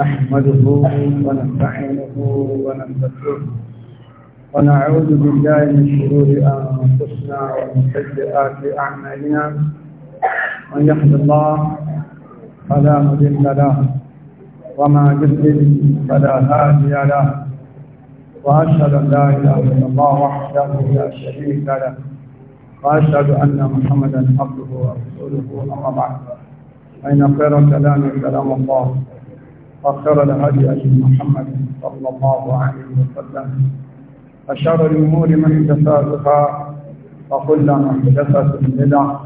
نحمده ونستعينه ونستغفره ونعوذ بالله من شرور أنفسنا ومن سيئات أعمالنا من يهد الله فلا مضل له وما يضلل فلا هادي له وأشهد أن لا إله إلا الله وحده لا شريك له وأشهد أن محمدا عبده ورسوله أما بعد فإن خير الكلام كلام الله وخير الهدي هدي محمد صلى الله عليه وسلم وشر الامور محدثاتها وكل محدثه بدعه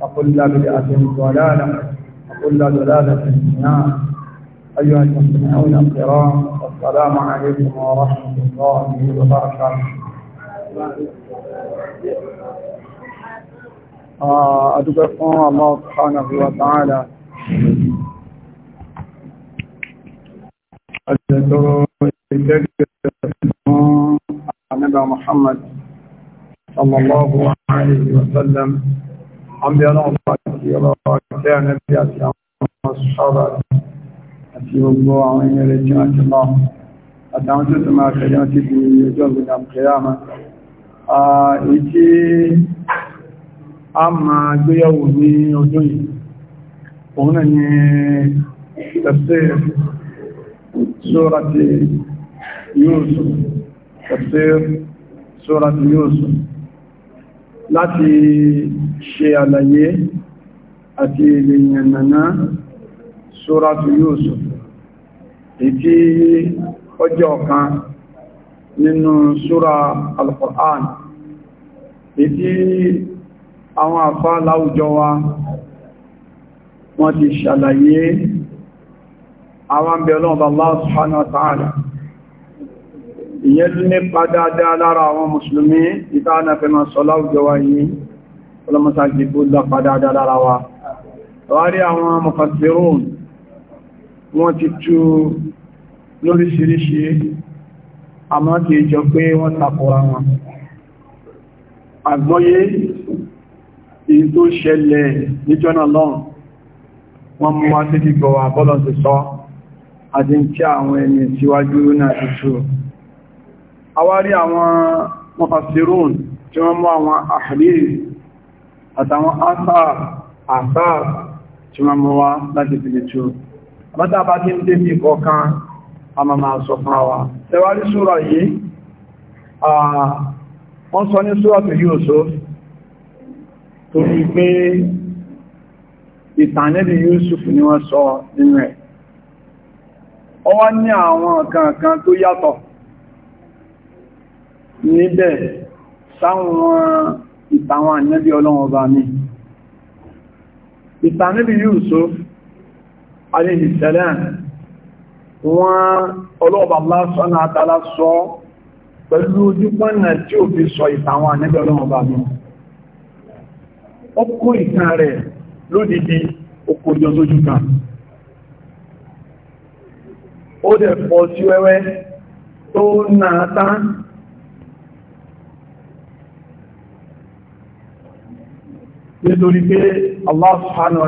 وكل بدعه ضلاله وكل ضلاله في النار ايها المستمعون الكرام السلام عليكم ورحمه الله وبركاته آه، أدعو الله سبحانه وتعالى àjẹ́tọ́rọ ìtẹ́gẹ̀ẹ́ fún àmìbà Muhammad sallallahu alayhi wa sallam àmì ọlọ́pàá àti ọlọ́pàá àti ẹ̀nẹ́bí àti àwọn ṣọ́rọ̀ àti gbogbo àwọn ẹ̀rẹ́ tí wọ́n ti lọ àtàwọn tó tó máa kẹjọ ti di ọjọ́ ìgbìyà kìíyàmá ìtí a máa gbéyàwó ní ọdún yìí òun náà ni tẹ̀sí سورة يوسف تفسير سورة يوسف láti ṣe àlàyé àti ìlèyànnà Suratu Yusuf ìtí ọjọ́ kan nínú Sura Al-Qur'an ìtí àwọn àfá láwùjọ wa wọ́n ti ṣàlàyé àwọn ń bẹ ọlọ́ọ̀bà Allah subhanahu wa ta'ala ìyẹn ní padàdá lára àwọn mùsùlùmí ìtànà fẹ́ máa sọ láwùjọ wa yìí ọlọ́mọta jìbó lá padàdá lára wa wárí àwọn mufassirun wọ́n ti tú lóríṣiríṣi àmọ́ kì í jọ pé wọ́n takora wọn àgbọ́yé èyí tó ṣẹlẹ̀ níjọ́nà lọ́n wọ́n mú wá sí gbígbọ́ àbọ́lọ́sì sọ́ àti ń àwọn ẹni síwájú náà tuntun awárí àwọn mufassirun tí wọ́n àwọn àtàwọn asar tí wọ́n mú wá láti fìlẹ̀ tó àbátà bá tí ń débi a máa sọ fún àwa tẹwárí súra yìí wọ́n sọ ní ni ọwọ́ ní àwọn kankan tó yàtọ̀ níbẹ̀ sáwọn ìtàwọn ànẹ́bí ọlọ́run ọba mi ìtànẹ́bí Yusuf alayhi salam wọ́n ọlọ́ọ̀bà lásán àtàlá sọ pẹ̀lú ojúpọ́nà tí ò fi sọ ìtàwọn ànẹ́bí ọlọ́run ọba mi ó ìtàn rẹ̀ lódìdí ó sójú kan ó dẹ̀ pọ̀ sí wẹ́wẹ́ tó náà tán nítorí pé Allah otu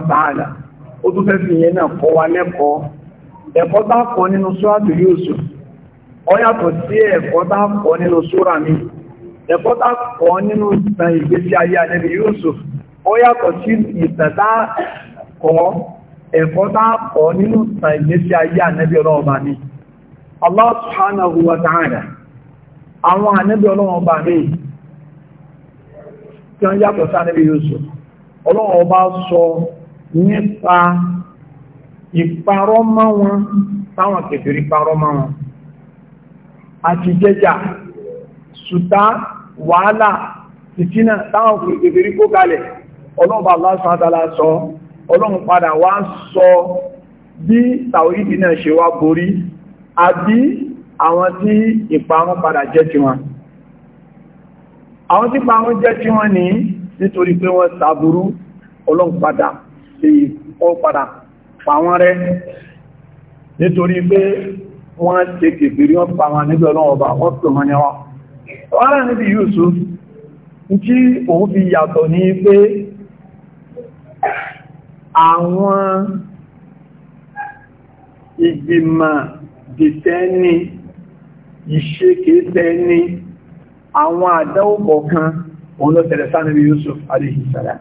ó tún fẹ́ fi yẹn náà kọ́ wa lẹ́kọ̀ọ́ ẹ̀kọ́ sí ẹ̀kọ́ tá kọ́ nínú súrà mi ẹ̀kọ́ tá kọ́ nínú ìtàn ìgbésí ayé sí ẹ̀kọ́ tá pọ̀ nínú ìgbésí ayé ànẹ́bí ọlọ́run ní Allah àwọn ànẹ́bí ọlọ́run ní tí wọ́n yàtọ̀ sí ànẹ́bí Yusuf ọlọ́run sọ nípa ìparọ́ mọ́ wọn táwọn ọlọ́run padà wá sọ bí tàwídì náà ṣe wá borí àbí àwọn tí ìparun padà jẹ́ ti wọn àwọn tí parun jẹ́ ti wọn ní nítorí pé wọ́n sàbúrú ọlọ́run padà sí ọpadà pàwọn rẹ nítorí pé wọ́n ṣe kèfèrí wọ́n pàwọn nígbẹ̀ ọlọ́run ọba wọ́n pè wọ́n ní Yusuf tí òun fi yàtọ̀ ní pé àwọn ìgbìmà dìtẹ́ni ìṣekètẹ́ni àwọn àdáwò kan òun ló tẹ̀lẹ̀ sánàbí Yusuf alayhi salam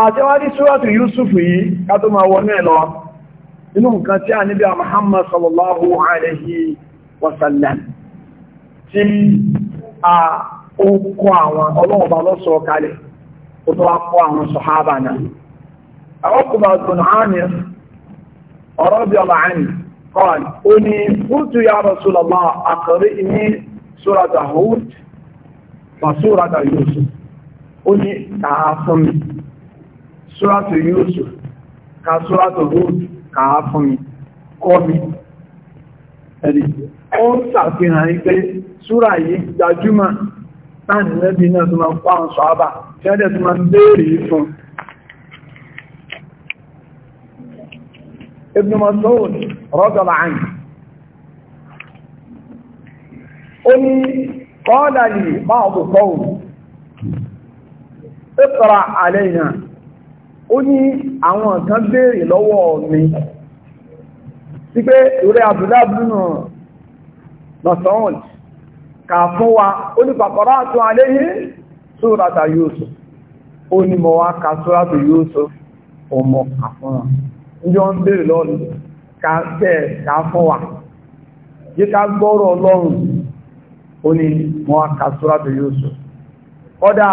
àtẹ́wádìí súrátù Yusuf yìí ká tó máa wọ́n mẹ́lọ inú nǹkan tí a níbi Muhammad sallallahu alayhi wasallam tí a ó kọ́ àwọn ọlọ́ọ̀bá lọ́sọ̀ọ́kalẹ̀ ó tó wá kọ́ àwọn sọ̀hábà náà عقبة بن عامر رضي الله عنه قال أني قلت يا رسول الله أقرئني سورة هود وسورة يوسف أني كعافمي سورة يوسف كسورة هود كعافمي قومي ó ń ṣàfihàn ní pé súrà yìí gbajúmọ̀ láti lẹ́bí náà tó máa ń pàwọn sọ́ábà tí tó máa ń béèrè fún Ibn roger radiyallahu anhu ó ní qala li ba'du qawm iqra alayna ó ní àwọn kan béèrè lọwọ mi sí pé ìrẹ́ Abdullah ibn Mas'ud kà ka afọwa ó ní faqara'tu alayhi surata Yusuf ó ka ndị ọ ń bèèrè ka wa ka Suratu Yusuf kọ́dà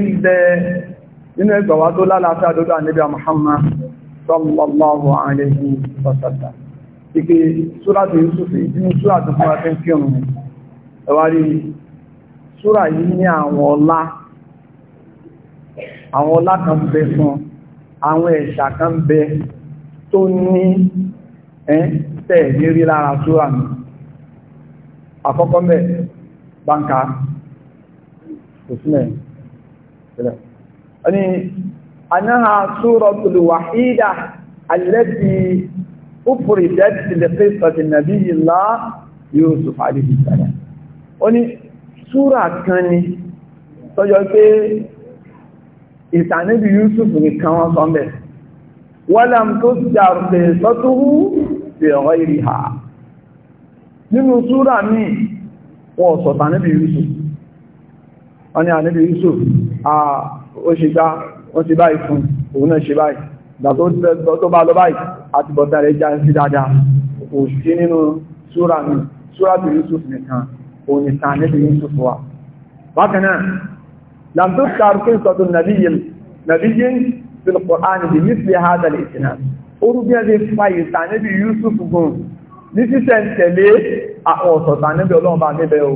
ń bẹ nínú tó lálàáfíà dọ́dọ̀ ànábì Muhammad sallallahu alayhi wa ike ike Suratu Yusuf ìdínú Suratu fún akẹ́ kírun ẹwàrí Suratu yìí ní àwọn ọlá àwọn ọlá kan fún ọ àwọn ẹ̀ṣà kan bẹ tó ní ẹ́ntẹ̀ lérí lára súra mi àkọ́kọ́ mẹ́ báńkà òsìnẹ̀ ìrẹ̀ ẹni anáha súra tùlùwàhídà alẹ́bí òpùrì dẹ́tì lè fẹ́ sọ̀tì nàbí pé ìtànẹ́bí Yusuf nìkan wọ́n sọ mẹ́ wọ́làm tó jàrùsẹ̀ sọ́túrú ìrì ha nínú súra wọ́n Yusuf wọ́n ni Yusuf a ó ṣe wọ́n ti báyìí fún òun náà ṣe báyìí tó bá lọ báyìí àti bọ̀tà rẹ̀ já sí dáadáa kò sí nínú súra Yusuf nìkan òun Yusuf bákan لم تذكر قصة النبي نبي في القرآن بمثل هذا الإسناد orúbí ẹ̀lẹ́ fa ìta níbi Yusuf gun ní sísẹ̀ ń tẹ̀lé àwọn ọ̀sọ̀ta níbi ọlọ́ọ̀bá níbẹ̀ o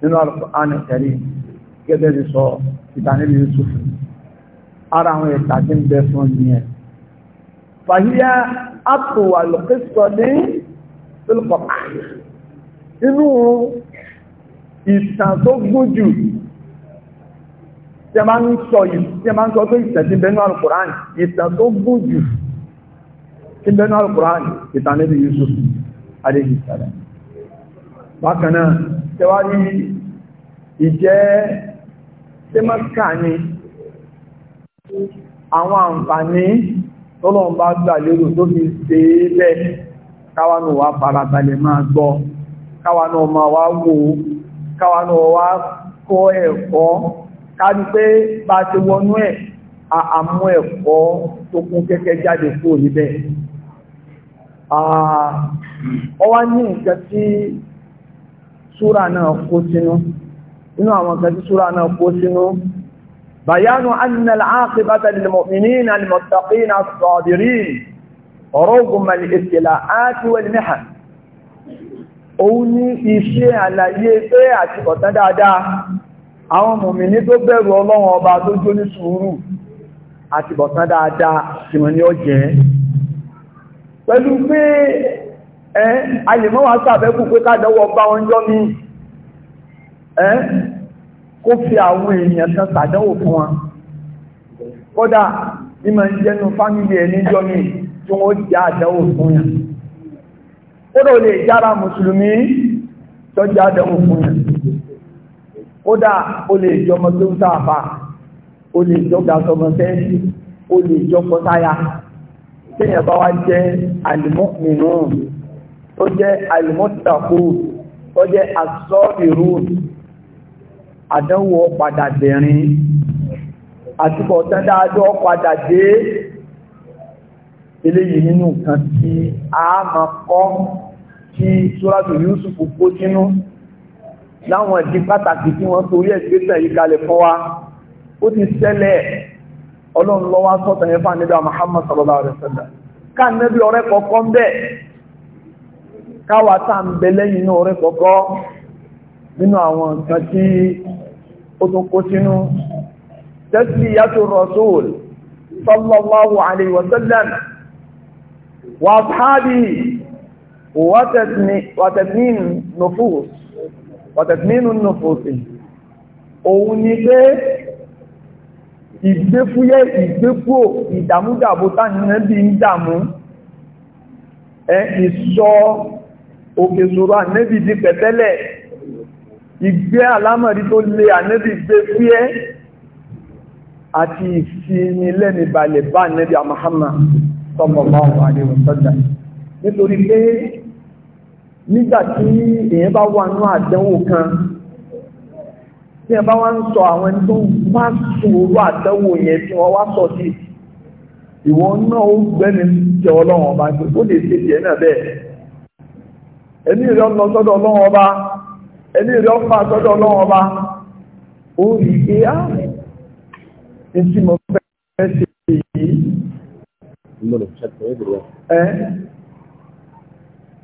nínú Al-Qur'an Karim gẹ́gẹ́ bí sọ ìta níbi Yusuf ara àwọn ìta tí ń bẹ fún ní ẹ̀ fàhíyá àtòwà lọ́kẹ́sọ ní Al-Qur'an inú ìtàn tó gbójú tẹ máa ń sọ yìí tẹ máa ń sọ pé ìtàn ti bẹnu alukuran ìtàn tó gùn jù ti bẹnu alukuran ìtàn níbi Yusuf adéjì sàlẹ bákan náà tẹ wá ní ìjẹ tẹmọkà tó fi ṣe é kárí pé bá ti wọnú ẹ̀ àmú ẹ̀kọ́ tó kún kẹ́kẹ́ jáde kúrò níbẹ̀ ọ wá ní nǹkan tí súra náà kó sínú inú àwọn nǹkan tí súra náà kó sínú bayanu anna al-aqibata lil àwọn mùmìnì tó bẹ̀rù ọlọ́run ọba tó jó ní sùúrù àti bọ̀tán dáadáa tí wọ́n ní ọjẹ́ pẹ̀lú pé ẹ́ alìmọ́wà sàfẹ́kù pé kádọwọ́ bá wọn jọ ní ẹ́ kó fi àwọn èèyàn kan sàdánwò fún wọn kódà ní ma ń jẹ́nu fámílì ẹni jọ ní tí wọ́n jẹ́ àdánwò fún yàn kódà ó lè jára mùsùlùmí tó àdánwò fún yàn kódà o lè jọmọ tó ń sáfà o lè jọgbà sọmọ sẹ́ńsì o lè jọpọ̀ táyà téèyàn bá wá jẹ́ àlùmọ́mìnún tó jẹ́ àlùmọ́tàkù tó jẹ́ àsọ ìrú àdánwò padà dẹ̀rin àtúbọ̀ tán dáadọ́ padà dé eléyìí nínú nǹkan tí a máa kọ́ tí Suratu Yusuf kó sínú láwọn ìdí pàtàkì tí wọ́n torí ẹ̀gbẹ́sẹ̀ yìí kalẹ̀ fún wa ó ti ṣẹlẹ̀ ọlọ́run lọ́wọ́ sọ́tọ̀ yẹn fún àníbà Muhammad sallallahu alaihi wasallam ká nẹ́bí ọ̀rẹ́ kọ̀ọ̀kan bẹ́ẹ̀ káwà tá ń bẹ lẹ́yìn inú ọ̀rẹ́ kọ̀ọ̀kọ́ nínú àwọn ọ̀tẹ̀tì nínú nùfòsì òun ni pé ìgbéfúyẹ́ ìgbéfò ìdàmúdàbò tánìyànbí ń dàmú ẹ ìṣọ́ òkè ṣòro ànẹ́bì di pẹ̀tẹ́lẹ̀ ìgbé alámọ̀rí tó lè ànẹ́bì gbé fúyẹ́ àti ìsinmi lẹ́ni balẹ̀ bá ànẹ́bì Muhammad sallallahu alaihi wasallam nítorí pé nígbàtí èyàn bá wà àdánwò kan tí ẹ bá wá ń sọ àwọn ẹni tó bá sòrò àdánwò yẹn tí wá sọ sí ìwọ náà ó gbẹ́ni jẹ ọlọ́run ọba pé ó lè ṣe tiẹ̀ náà bẹ́ẹ̀ ẹni ìrẹ́ ọ̀nà sọ́dọ̀ ọlọ́run ọba ẹni ìrẹ́ ọ̀fà sọ́dọ̀ ọlọ́run ọba ó rí i á ní tí mo fẹ́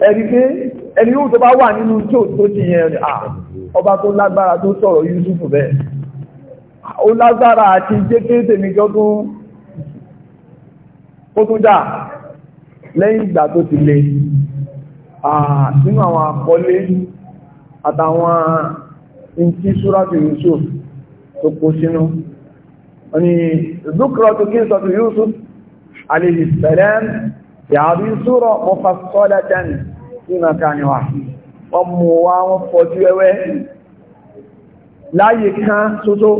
ẹni pé ẹni yóò tó bá wà nínú tó tó ti yẹn ni à ọba tó lágbára tó sọ̀rọ̀ Yúsúfù bẹ́ẹ̀ ó lágbára àti jẹ́kẹ́ tèmi jọ́dún ó tún dà lẹ́yìn ìgbà tó ti le nínú àwọn àkọlé àtàwọn ìntí súrátù Yusuf tó kó sínú ni dúkìrọ̀tù kí sọ̀tù Yusuf alayhi salam yàrí súrọ̀ mọ́fàsọ́lẹ́tẹ́ni nígbà kaníwà wọ́n mú wá wọ́n fọ́jú ẹwẹ́ láyé kan tótó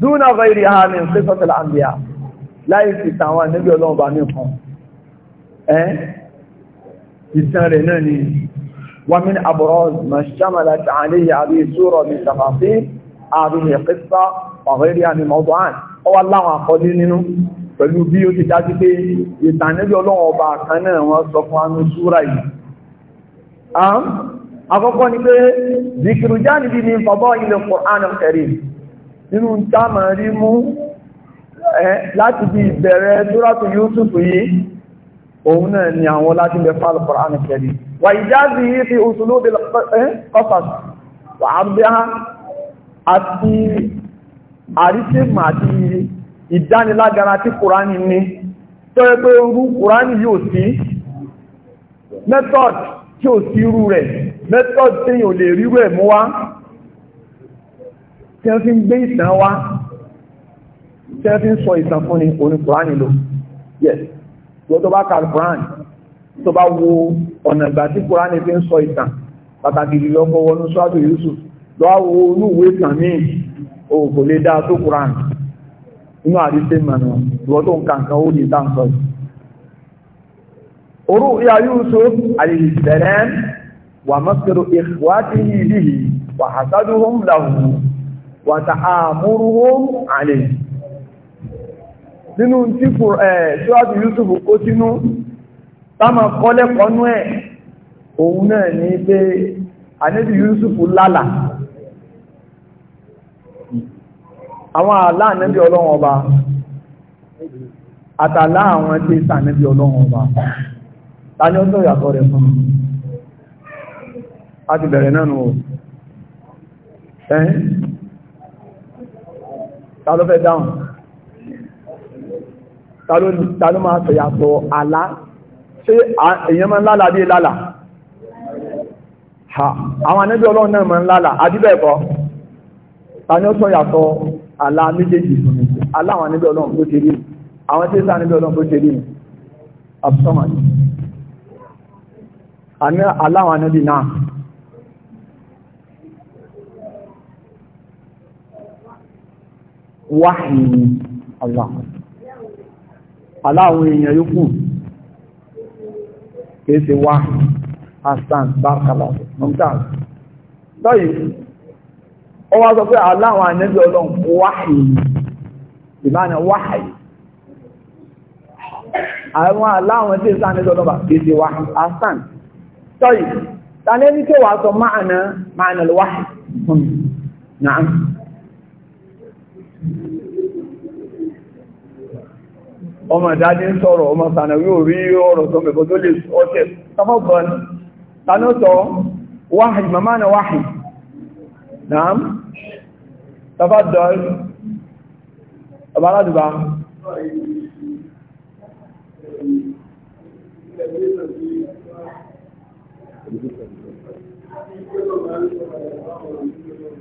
dúnà bẹ̀rẹ̀ àmì ìfẹ́sọ́tẹ̀lá àmìyà láyé ti tàwọn níbi ọlọ́ọ̀bá nìkan ẹ́ ìtàn rẹ̀ náà ni ومن أبراز ما اشتملت عليه هذه السورة من تفاصيل هذه القصة وغيرها من موضوعات أو الله أقول لنا pẹ̀lú bí ó ti dájú pé ìtànẹ́bí ọlọ́wọ́ ọba kan náà wọ́n sọ fún anú súra yìí àkọ́kọ́ ni pé zikiru jánibí ni fọ́bọ́ ilẹ̀ Qur'an al-Karim nínú táàmà rí mú láti bí ìbẹ̀rẹ̀ Suratu Yusuf yìí òun náà ni àwọn láti bẹ fàlù Qur'an al-Karim wà ìjáàzì yìí fi usulubi qasas wà àbíhá àti àrísìmà àti ìdánilágara tí Qur'ani ní tó yẹ pé orú Qur'ani yóò sí method tí ò sí irú rẹ̀ method téèyàn ò lè rírú ẹ̀ mú wá tí wọ́n fi ń gbé ìtàn wá tí wọ́n fi ń sọ ìtàn fún ni oní Kùránì lò yes wọ́n tó bá ka Kùránì tó bá wo ọ̀nà ìgbà tí Kùránì fi ń sọ ìtàn pàtàkì jùlọ kọ wọnú sọ́tò Yusuf lọ́wọ́ olúwé ìtàn míì o kò lè dá tó Kùránì inú àdíṣẹ́ mọ̀nà ìwọ́n tó ń kàǹkan ó lè dá ń sọ رؤيا يوسف عليه السلام ومكر إخواته به وحسدهم له وتآمرهم عليه nínú tí kò ẹ̀ eh, ṣíwájú Yúsùfù kó sínú táàmà kọ́lẹ́kọ́nú ẹ̀ òun náà ní pé àníbi Yúsùfù lálà àwọn àlá àníbi ọlọ́run ọba àtàlá àwọn tí sàníbi ọlọ́run ọba ta ni ó tó ìyàtọ̀ rẹ̀ fún a ti bẹ̀rẹ̀ náà nù ẹ́ ta ló fẹ́ dáhùn ta ló máa sọ ìyàtọ̀ àlá ṣé èèyàn máa ń lálà bí lálà àwọn anẹ́bí ọlọ́run náà máa ń lálà àdíbẹ̀ẹ̀kọ́ ta ni ó sọ ìyàtọ̀ àlá méjèèjì fún mi aláwọn anẹ́bí ọlọ́run bó ṣe rí àwọn aláwọn anábì náà wáhìí Allah aláwọn èèyàn yóò kéèsè wáhìí asán bákàlá mọ́tàl lọ́yí ó wá sọ pé aláwọn anábì ọlọ́run wáhìí ìbáná wáhìí àwọn aláwọn tí ìsánílọ́lọ́bà kéèsè wáhìí asán طيب تعالى نكي وعطوا معنا معنى الوحي نعم ọmọ ìdájí ń sọ̀rọ̀ ọmọ sànàwí orí ọ̀rọ̀ tó mẹ́kọ̀ tó lè ọ̀tẹ̀ sọfọ́bọ̀n tánọ́tọ̀ wáhì mamá na wáhì náà sọfọ́dọ̀l ọba aládùbá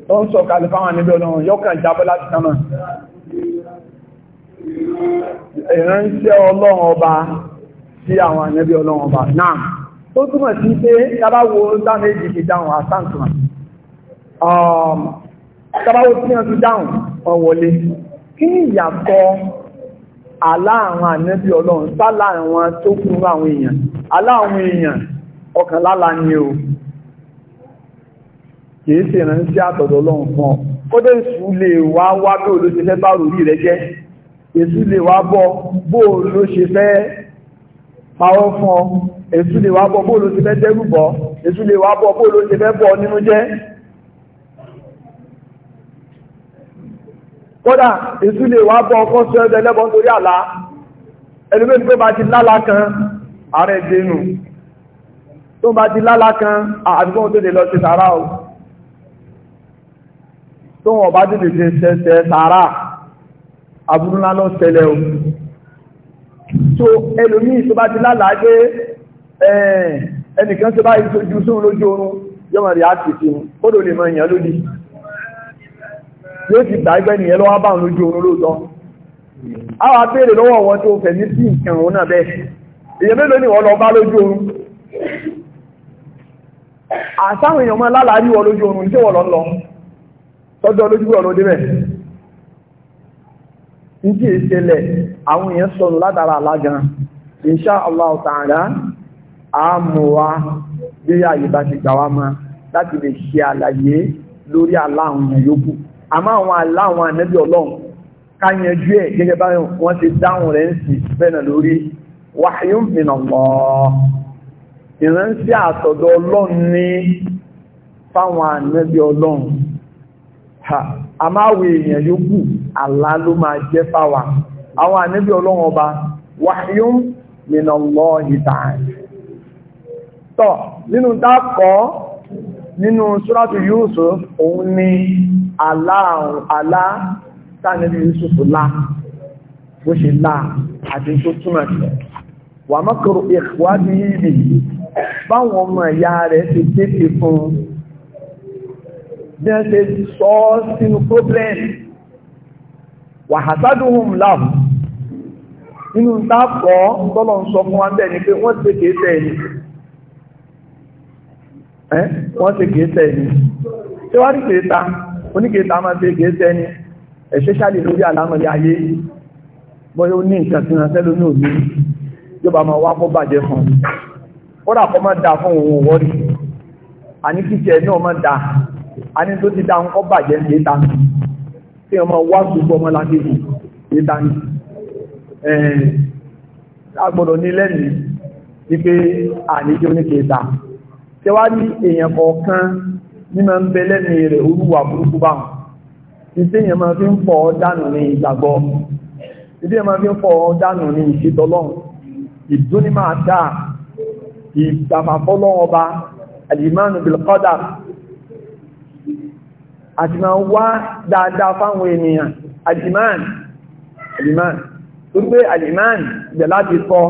tó ń sọ kalẹ̀ fáwọn níbi ọlọ́run yọ́kàn jábọ́ láti sánmà ìránṣẹ́ ọlọ́run ọba sí àwọn ànẹ́bí ọlọ́run ọba náà tó túnmọ̀ sí pé tàbáwo dáméjì fi dáhùn àsáǹtùmà um, tàbáwo tí wọ́n fi dáhùn ọwọ́lé kí ni ìyàtọ̀ aláàrùn ànẹ́bí ọlọ́run kìí sì rán sí àtọ̀dọ̀ ọlọ́run fún ọ kọ́dẹ̀ ìsú lè wá wá bí oló ṣe fẹ́ bá rúrí rẹ jẹ́ èsú lè wá bọ́ bó oló ṣe fẹ́ pawọ́ fún ọ èsú lè wá bọ́ bó oló ṣe fẹ́ dẹ́rùbọ́ èsú lè wá bọ́ bó oló ṣe fẹ́ bọ́ nínú jẹ́ kódà èsú lè wá bọ́ ọkọ́ sí ọdẹ lẹ́bọ̀ nítorí àlá ẹlùmẹ́ni tó bá ti lálá kan ààrẹ dénú tó bá ti lálá kan àdúgbò tó lè lọ sí sàárà o tó wọ́n bá dìde ṣe ṣẹṣẹ sàárà abúrúnlá lọ ṣẹlẹ̀ o tó ẹlòmíì tó bá ti lálàá pé ẹnìkan tó bá ìtọ́jú sóhun lójú oorun yọmọ rí àtìsí ó lò lè mọ èèyàn lódì yóò ti gbà ẹgbẹ́ nìyẹn lọ́wọ́ bá òun lójú oorun lóòótọ́ àwọn abéèrè lọ́wọ́ wọn tó fẹ̀mí sí nǹkan òun náà bẹ́ẹ̀ èyàn mélòó ni wọ́n lọ bá lójú oorun àtàwọn èèyàn mọ́ lálàá rí wọ lójú oorun tí wọ́n lọ lọ tọ́jọ́ lójú ọ̀nà débẹ̀ ní kí ìṣẹ̀lẹ̀ àwọn èèyàn sọ̀rọ̀ ládàra alágan insha Allah ta'ala àmúwa bí àyè bá ti gbà wá ma láti lè ṣe àlàyé lórí aláwọn èèyàn yókù àmọ́ àwọn aláwọn ànábì ọlọ́run káyanjú ẹ̀ gẹ́gẹ́ báyọ̀ wọ́n ti dáhùn rẹ̀ ń sì bẹ́ẹ̀ lórí wahyun a máa wo èèyàn yókù àlá ló máa jẹ́ fáwa àwọn ànábì ọlọ́run ọba wahyun minallahi ta'ala tọ́ nínú dákọ́ nínú suratu Yusuf òun ni àlá tánàbí Yusuf lá bó ṣe lá àti tó túnmà sí wà mọ́kọrọ̀ ìwádìí báwọn ọmọ ìyá rẹ̀ ti tètè bí wọ́n ṣe sọ sínú problem wàhásádùhùn láàbù nínú táàkọ́ tọ́lọ̀ ń sọ fún wa bẹ́ẹ̀ ni pé wọ́n ṣe kìí tẹ̀ ẹni wọ́n ṣe kìí tẹ̀ ẹni tí kìí ta ta máa kìí tẹ̀ ẹni lórí àlámọ̀lé ayé bọ́yá ó ní tí wọ́n tẹ́lú ní òní yóò bá máa wá bàjẹ́ fún un ó rà kọ́ máa fún òun àní a ní tó ti dá nǹkan bàjẹ́ ní ìta tí ọmọ wá gbogbo ọmọ lágbègbè ìta ní agbọ́dọ̀ ní lẹ́nu wípé àníjó ní kẹta tí wá ní èèyàn kọ̀ọ̀kan ní ń bẹ lẹ́nu rẹ̀ olúwa burúkú bá wọn máa fi ń ní ìgbàgbọ́ máa fi ń ní ìdúnímọ̀ àdá àti máa wá dáadáa fáwọn ènìyàn alìmáàn alìmáàn tó pé alìmáàn jẹ láti kọ́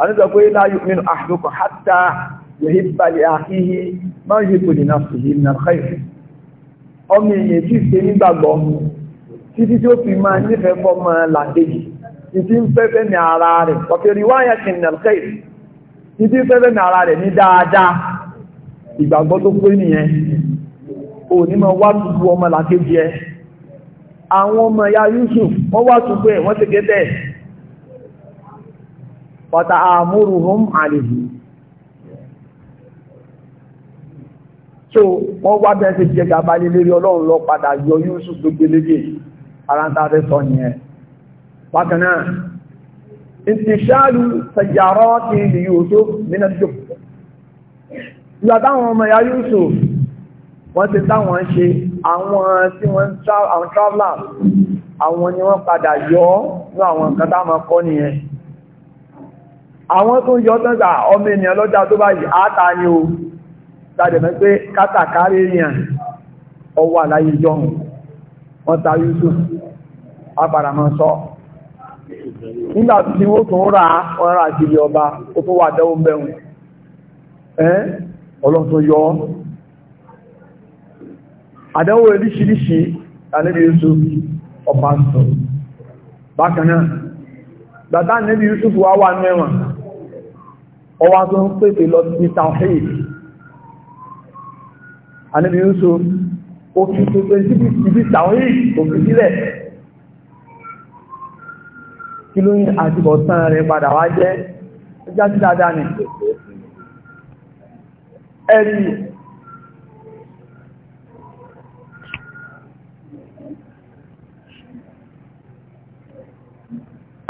àníjọ pé láyé mínú àdókò hátà yẹ̀hí balẹ̀ àkíhí máa yí kò dìnà fìhí nà kẹ́ ọmọ èèyàn tí ṣe nígbàgbọ́ títí tí ó fi máa nífẹ̀ẹ́ fọ́ máa làkejì ìtí ń fẹ́fẹ́ ní ara rẹ̀ ọ̀fẹ́rí wáyà kì nà kẹ́ ìtí ń fẹ́fẹ́ ní ara rẹ̀ ní dáadáa ìgbàgbọ́ tó pé nìyẹn òní mọ̀ wá tuntun ọmọ làkejì ẹ àwọn ọmọ ya Yusuf wọ́n wá tuntun ẹ̀ wọ́n ti gé bẹ́ẹ̀ pàtà àmúrùhùn àlèjì so wọ́n wá bẹ́ẹ̀ ti jẹ gàbá lélérí ọlọ́run lọ padà yọ Yusuf tó gbélégè ara ń tàbí sọ nìyẹn bákanáà ìtìṣàlù sàjàrọ́ ti wọ́n ti táwọn ń ṣe àwọn tí wọ́n àwọn travelers àwọn ni wọ́n padà yọ ní àwọn nǹkan táwọn kọ́ nìyẹn àwọn tó yọ tọ́gbà ọmọ ènìyàn lọ́jà tó báyìí àátà ni o tàbí pé kátàkárí èèyàn ọwọ́ àláyé jọun wọ́n ta Yusuf apàdàmọ́ sọ nígbà tí ó tún rà wọ́n rà sí ọba ó tó wà dẹ́wọ́ mẹ́rin ẹ́ ọlọ́tún àdánwò oríṣiríṣi ànábì Yusuf ọba sọ bákanáà gbàtà ànábì Yusuf wá wà mẹ́wọ̀n ọwá tó ń pèpè lọ sí tawhid ànábì Yusuf ó fi pèpè síbi tawhid kò fi sílẹ̀ kí ló ń àtibọ̀tán rẹ̀ padà wá jẹ́ jásí dáadáa ni ẹ̀rí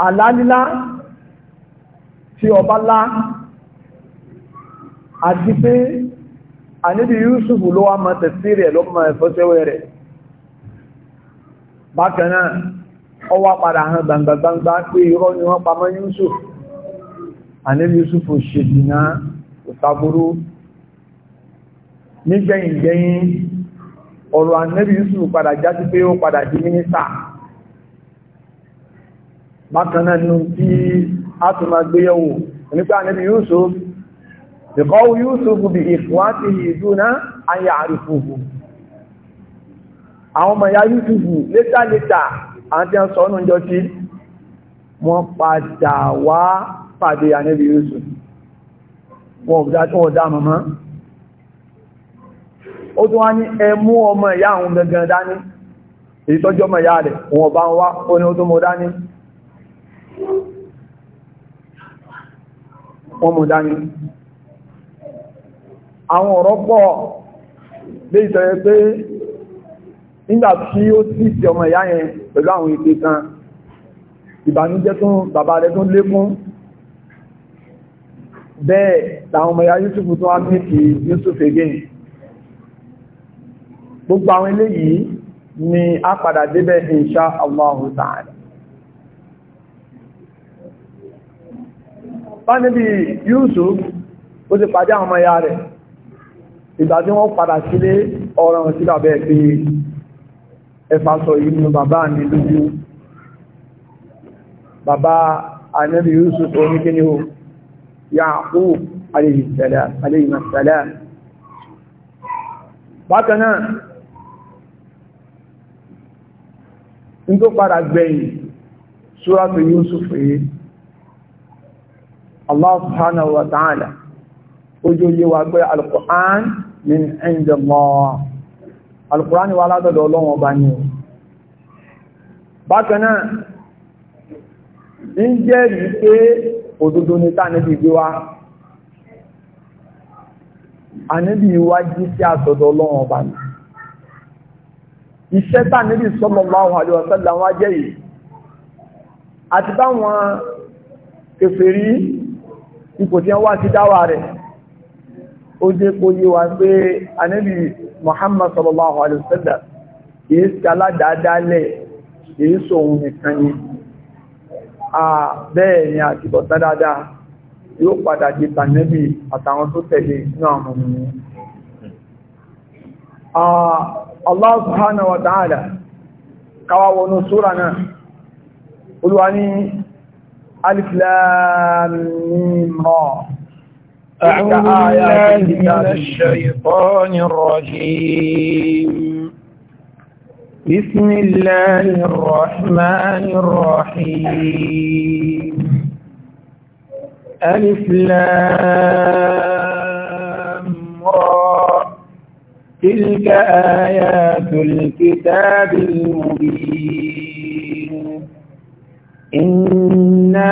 àlálílá tí ọba lá àti pé àníbi Yusuf ló wá máa tẹ̀sí rẹ̀ lọ́pàá ẹ̀fọ́sẹ́wẹ́ rẹ̀ bákanáà ó wá padà hàn gbangbangba pé irọ́ ni wọ́n pamọ́ Yusuf àníbi Yusuf ṣèdìná òtagoro nígbẹ̀yìngbẹ̀yìn ọ̀rọ̀ àníbi Yusuf padà já sí pé ó padà di mínísà bákanáà nínú tí a tún máa gbéyẹ̀wò nípa níbi Yusuf Yusuf bí ayà àwọn ọmọ ya Yusuf létàlétà àti ọ̀sọ́nù jọ tí wọ́n padà wá pàdé àníbi Yusuf wọ́n dá mọ́mọ́ ó tún wá ní ẹmú ọmọ ìyá àwọn gangan dání èyí ọmọ ìyá rẹ̀ wọ́n bá wá ó tún mọ́ wọ́n mú dání àwọn ọ̀rọ̀ pọ̀ lè ìtọ̀yẹ pé nígbà tí ó tí sí ọmọ ìyá yẹn pẹ̀lú àwọn ètè kan ìbànújẹ́ tún bàbá rẹ̀ tún lékún bẹ́ẹ̀ làwọn ọmọ ìyá Yusuf tún wá ní ti Yusuf again gbogbo àwọn eléyìí ni a padà débẹ̀ insha Allahu ta'ala bá níbi Yusuf ó ti pàdé àwọn ọmọ ya rẹ̀ ìgbà tí wọ́n padà sílé ọ̀rọ̀ sí bàbá ẹ̀ pé ẹfà sọ yìí ni bàbá mi lójú bàbá ànábì Yusuf tó ní kí ni ó Yaqub alayhi salam bákan náà ní tó padà gbẹ̀yìn Suratu Yusuf yìí Allah subhanahu wa ta'ala ojú yé wa pé al-Qur'an min inda Allah al-Qur'an wà látọ̀dọ̀ ọlọ́wọ̀n bá ní bákan náà ń jẹ́ rí pé òdodo ní tàà níbi ìgbé wa àníbi ìwájí sí àtọ̀dọ̀ ọlọ́wọ̀n ọba ní iṣẹ́ tàà níbi sallallahu ipò tí wọ́n wá sí dáwà rẹ̀ ó jẹ́ kó yé wa pé anábì Muhammad sallallahu alaihi wasallam kìí skala dáadáalẹ̀ kìí sóhun nìkan ni a bẹ́ẹ̀ ni àti bọ̀tá dáadáa yóò padà di tànẹ́bì àtàwọn tó tẹ̀lé náà olúwa ní ألف لام ميم را أعوذ بالله من الشيطان الرجيم بسم الله الرحمن الرحيم ألف لام را تلك آيات الكتاب المبين إنا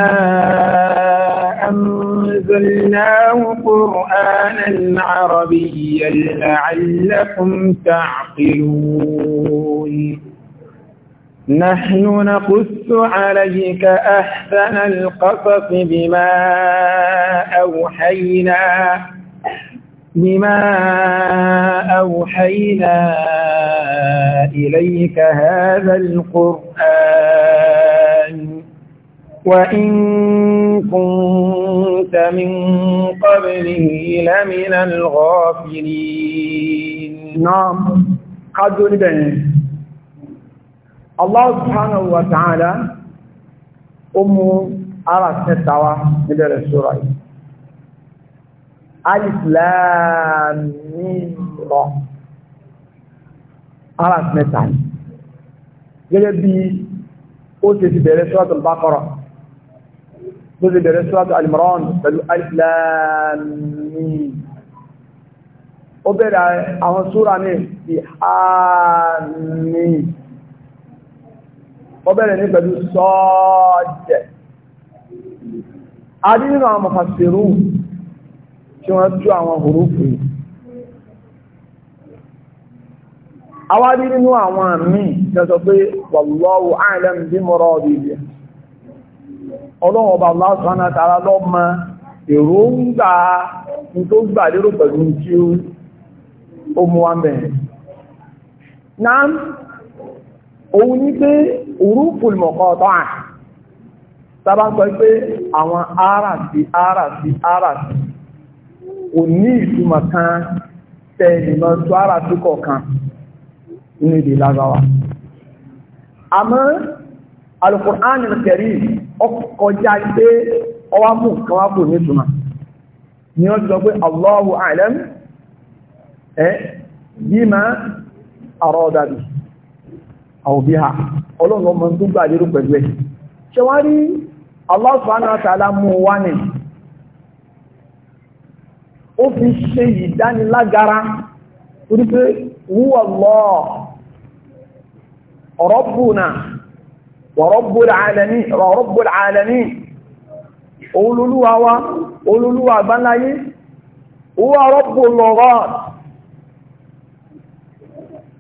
أنزلناه قرآنا عربيا لعلكم تعقلون نحن نقص عليك أحسن القصص بما أوحينا بما أوحينا إليك هذا القرآن وإن كنت من قبله لمن الغافلين نعم قد نبني الله سبحانه وتعالى أم أرى ستة من السورة ألف لام را أرى ستة جلبي أوتي في ṣe ti bẹ̀rẹ̀ bó ṣe bẹ̀rẹ̀ sọ́tọ̀ Al-Imran pẹ̀lú Alif Lam Mim ó bẹ̀rẹ̀ àwọn súra ní ti àmì ó bẹ̀rẹ̀ ní pẹ̀lú sọ́ọ̀dẹ̀ a rí nínú àwọn mọ̀fàṣírù tí wọ́n tú àwọn òrùfù a wá rí nínú àwọn àmì tẹ́sọ pé wallahu a'lam bí mọ́rọ̀ ọ̀dọ̀ ìdíyà ọlọ́run ọba lásán lọ́mọ èrò ń ní tó gbà lérò pẹ̀lú tí ó mú wa náà òun ní pé òrùpùl mọ̀kọ́ọ̀tọ́ à sábà sọ pé àwọn ara sí ara sí ara sí kò ní ìtumọ̀ kan tẹ́lì mọ́ tó ara ọkọjá pé ọwá mú nǹkan wá ni wọ́n ti sọ pé Allahu a'lam ma bi aw biha ọlọ́run ọmọ tó gbà lérò pẹ̀lú ẹ̀ ṣe wá rí Allah subhanahu wa Rabbul alamin Rabbul alamin olúlúwa wa olúlúwa àgbáláyé huwa Rabbul lughat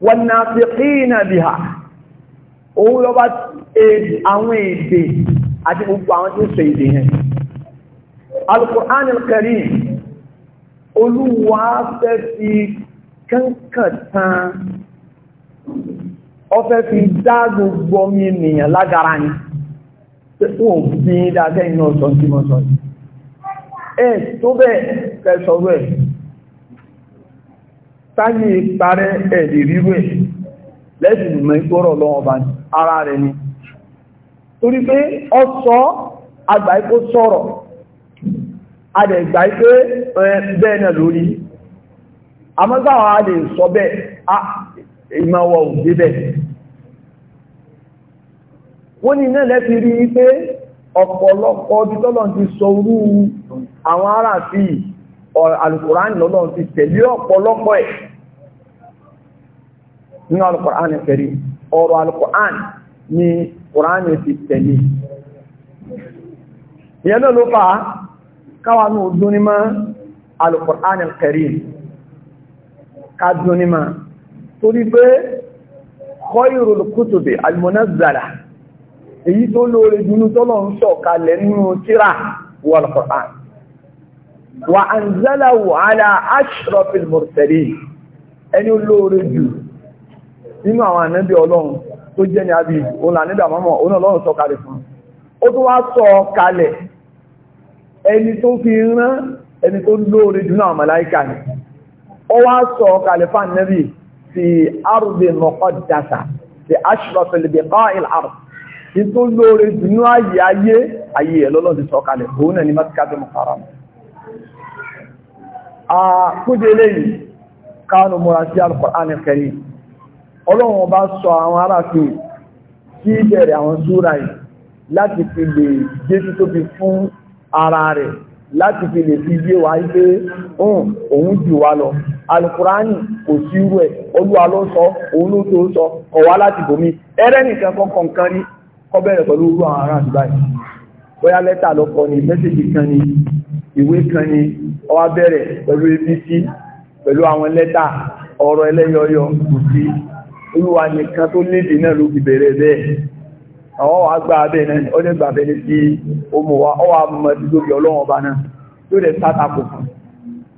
wan natiqina biha òun lọ bá àwọn èdè àti gbogbo àwọn tí ó sọ èdè yẹn Al-Qur'an fẹ́ fi kánkàtàn ọfẹ́ fi dá gbogbo ọmọ ènìyàn lágara ní pẹ̀kún òbí dáadẹ́ iná ọ̀sọ̀ tí mọ́ sọ ẹ̀ tó bẹ́ kẹsọ̀ rẹ̀ táyé parẹ́ ẹ̀dì ríru ẹ̀ lẹ́sìn mọ̀ ìgbọ́rọ̀ lọ́wọ́ bá ara rẹ̀ ni torí pé ọ̀sọ́ àgbà sọ̀rọ̀ adẹ̀gbà ikó bẹ́ẹ̀ wọ́n ní náà lẹ́fi rí pé ọ̀pọ̀lọpọ̀ ọdí tọ́lọ̀ ti sọ orú àwọn ará sí alùkùránì lọ́lọ́ ti tẹ̀lé ọ̀pọ̀lọpọ̀ ẹ̀ nínú alùkùránì kẹrì ọ̀rọ̀ alùkùránì ni kùránì ti tẹ̀lé ìyẹn náà ló fà á káwa ní ọdún ní máa alùkùránì kẹrì ká dún ní máa torí pé khairul kutubi èyí tó lóore jùlọ tọ́lọ̀ ń sọ kalẹ̀ nínú tírà wal Qur'an wa anzalahu ala ashrafil mursalin ẹni olóore jù nínú àwọn ànábì ọlọ́run tó jẹ́ ní àbí òun ànábì àmọ́mọ́ òun ọlọ́run sọ kalẹ̀ fún ó tó wá sọ kalẹ̀ ẹni tó fi in tó lóore dùnú ayé ayé ayé ẹ̀ lọ́lọ́ ti sọ̀kalẹ̀ òun náà ni mọ́síkàtí mọ̀fàràmù àkójẹ́ lẹ́yìn káànù múra sí Al-Qur'an Karim ọlọ́run bá sọ àwọn aráfin kí bẹ̀rẹ̀ àwọn súra yìí láti fi lè jẹ́ tí tó fi fún ara rẹ̀ láti fi lè fi yé wa pé òun jù wá lọ Al-Qur'ani kò sí rú ẹ̀ olúwa ló sọ òun ló tó sọ kọ̀wá láti bòmí ẹrẹ́ nìkan kọ̀ọ̀kan rí kọ́ bẹ̀rẹ̀ pẹ̀lú orú àwọn ará àti báyìí bóyá lẹ́tà lọ́kọ́ ni mẹ́sẹ̀jì kan ni ìwé kan ni ó wá bẹ̀rẹ̀ pẹ̀lú abc pẹ̀lú àwọn lẹ́tà ọ̀rọ̀ ẹlẹ́yọyọ kò sí olúwa nìkan tó lédè náà ló fi bẹ̀rẹ̀ bẹ́ẹ̀ àwọn wà gbà abẹ́ náà ni ó dẹ̀ gbà bẹ́ẹ̀ sí ọmọ wa ó wà mọ̀ sí tóbi ọlọ́wọ́n ọba náà tó dẹ̀ sátakò fún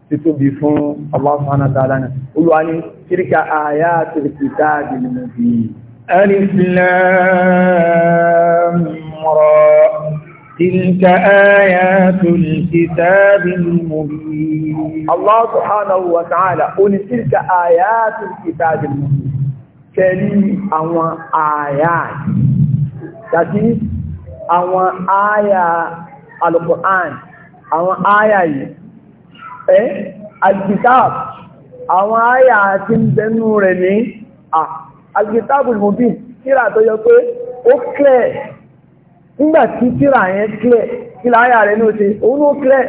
títóbi fún Allah subhanahu wa ta'ala náà olúwa ní kíríkà àyà tìrìkìtà àdìlìmọ̀ bíi ألف لام را تلك آيات الكتاب المبين الله سبحانه وتعالى قل تلك آيات الكتاب المبين كلي أو آيات تاتي أو آية القرآن أو آية إيه الكتاب أو آيات بنور آه alkitabul mubin tíra tó yọ pé ó clear nígbàtí tíra yẹn clear kí láyà rẹ̀ ní ó ṣe òun ó clear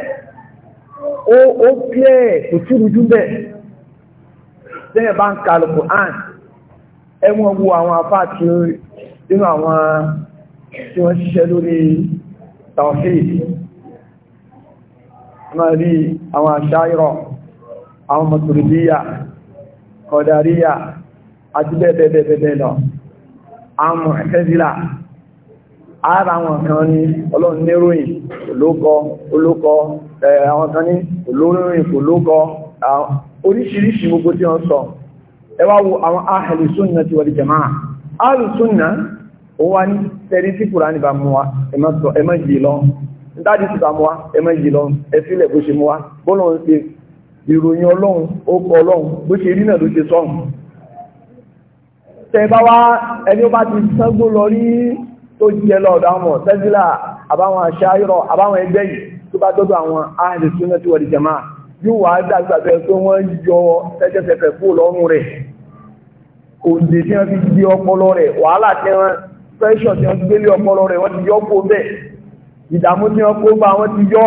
ó clear kò túrújú bẹ́ẹ̀ lẹ́yìn bá ń ka Al-Qur'an ẹwọ́n wo àwọn afá tí ó nínú àwọn tí wọ́n ṣiṣẹ́ lórí tawhid ma rí àwọn àṣáyírọ̀ àwọn mọ̀tòrìdíyà kọ̀dàríyà àti bẹ́ẹ̀bẹ́ẹ̀bẹ́ẹ̀ lọ àwọn ẹ̀fẹ́sílà ara àwọn kan ní ọlọ́run níròyìn olókọ olókọ àwọn kan ní olóròyìn olókọ oríṣiríṣi gbogbo tí wọ́n sọ ẹ wá wo àwọn ahlu sunnati wal jamaa ahlu sunna ó wá ní tẹ́rí tí Kùránì bá mú wa ẹmọ́ yìí lọ dájú ti bá mú wa ẹmọ́ yìí lọ ẹfílẹ̀ bó ṣe mú wa bọ́lọ́run ṣe ìròyìn ọlọ́run ó kọ ọlọ́run bó ṣe rí náà ló ṣe sọ́run tẹ́ẹ̀bá wá ẹni ó bá ti sángó lọ rí tó jẹ lọ́dọ̀ àwọn tẹ́sílà àbáwọn aṣáyọ́rọ̀ àbáwọn ẹgbẹ́ yìí tó bá dọ́dọ̀ àwọn ahli sunnati wal jamaa yóò wá dàgbà bẹ́ẹ̀ pé wọ́n yọ tẹ́tẹ́fẹ́fẹ́ kú lọ́rùn rẹ̀ òǹdè tí wọ́n fi gbé ọpọlọ rẹ̀ wàhálà tí wọ́n pressure tí wọ́n ti gbélé ọpọlọ rẹ̀ wọ́n ti yọ kó bẹ́ẹ̀ ìdààmú tí wọ́n kó bá wọ́n ti yọ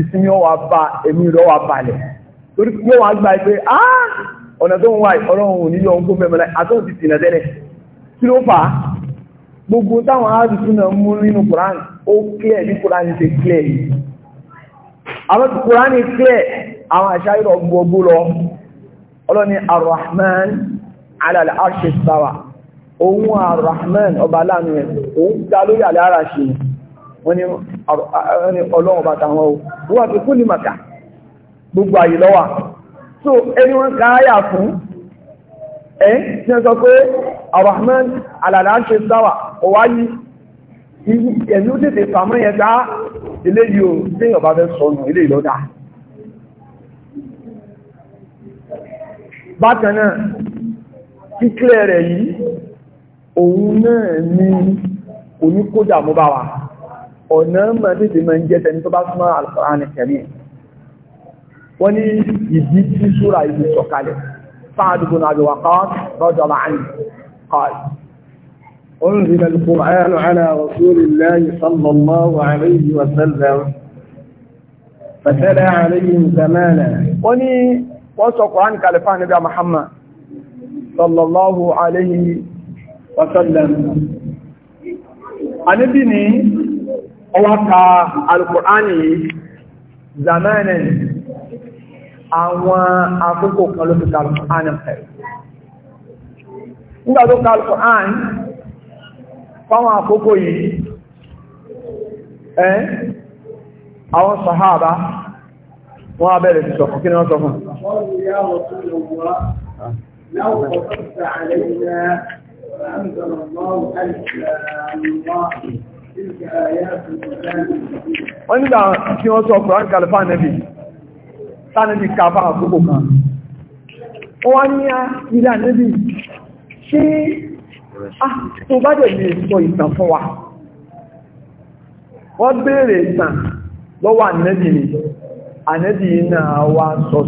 ìsinmi ọwà ba ẹ̀mí rẹ̀ wà balẹ̀ torí yóò wá gba ẹgbẹ́ ah ọ̀nà tó ń wà ọlọ́run nílò ohun tó mẹ́mẹ́lá àtọ́n ti tìnà tẹ́lẹ̀ kí ló fà á gbogbo táwọn àádùsùn náà mú nínú Quran ó clear bí Quran ti clear àwọn Quran clear àwọn àṣà ìrọ̀ gbogbo lọ ọlọ́ni Ar-Rahman ala al-Arsh istawa òun Ar-Rahman ọba aláàánú rẹ̀ òun dá lórí àlára ṣe wọ́n ni ọlọ́run bàtà wọn ó wọ́n fi kú ní màkà gbogbo àyè lọ́wà so ẹni wọ́n ká áyà fún ẹ́ tí wọ́n sọ pé arahman alàlá ń ṣe sáwà ọwá yìí tètè pàmọ́ ilé yìí o tí ọba fẹ́ sọnù ilé ìlọ́dà bákan kíkẹ́ rẹ̀ yìí òun náà ni oníkódà mú bá wa ọ̀nà mọ̀ tètè mọ̀ ń jẹ́ tẹni tó bá súnmọ́ Al-Qur'an wọ́n ní ìdí tí súra ìlú sọ̀kalẹ̀ Sa'd ibn Abi Waqqas radiyallahu anhu qala أنزل القرآن على رسول الله صلى الله عليه وسلم فتلا عليهم زمانا wọ́n ní wọ́n sọ Kùránì kalẹ̀ fún Ànábì Muhammad sallallahu alayhi wa sallam Ànábì ni ọwá ka alkùránì zamanin àwọn àkókò kan ló fi kàlùkù ánà pẹ̀lú nígbà tó kàlùkù ánà fáwọn àkókò yìí ẹ́ àwọn sàhábà wọ́n abẹ́rẹ̀ ti sọ̀kọ̀ kí ni wọ́n sọ fún wọ́n nígbà tí wọ́n sọ Kùránì kalifá nẹ́bì tánàbí kàfà àkókò kan ó wá ní ah, ilé ànẹ́bí ṣe ah, tó bá jẹ̀ ní sọ ìtàn fún wa wọ́n béèrè ìtàn lọ́wọ́ ànẹ́bí ni ànẹ́bí náà wá sọ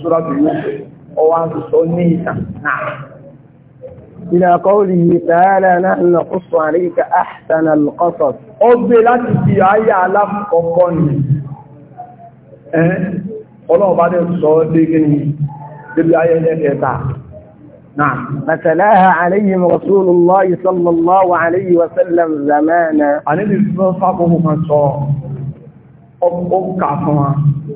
súrátù إلى قوله تعالى نحن نقص عليك أحسن القصص ọgbẹ́ في fi ayé alákọ̀ọ́kọ́ ni بعد dẹ̀ sọ dégé ni débi نعم فتلاها عليهم رسول الله صلى الله عليه وسلم زمانا عن الإسلام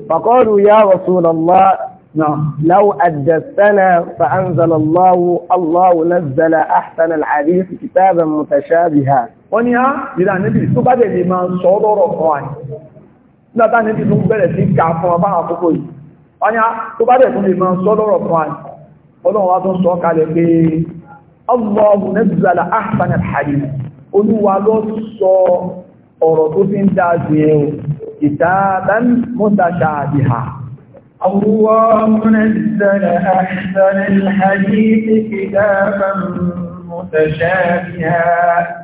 فقالوا يا رسول الله نعم لو أدثنا فأنزل الله الله نزل أحسن الحديث كتابا متشابها wọ́n ní á ìlà níbi tó bá dẹ̀lẹ̀ máa sọ lọ́rọ̀ fún wa nígbàtà níbi tó ń bẹ̀rẹ̀ sí ká fún ọba àkókò yìí wọ́n ní á tó bá dẹ̀kún lè máa sọ lọ́rọ̀ fún wa ọlọ́run wá tó ń sọ kalẹ̀ pé Allahu nazzala ahsana al-hadith olúwa ló sọ ọ̀rọ̀ tó fi ń dáa jẹ́ kitaban mutashabiha الله نزل أحسن الحديث كتابا متشابها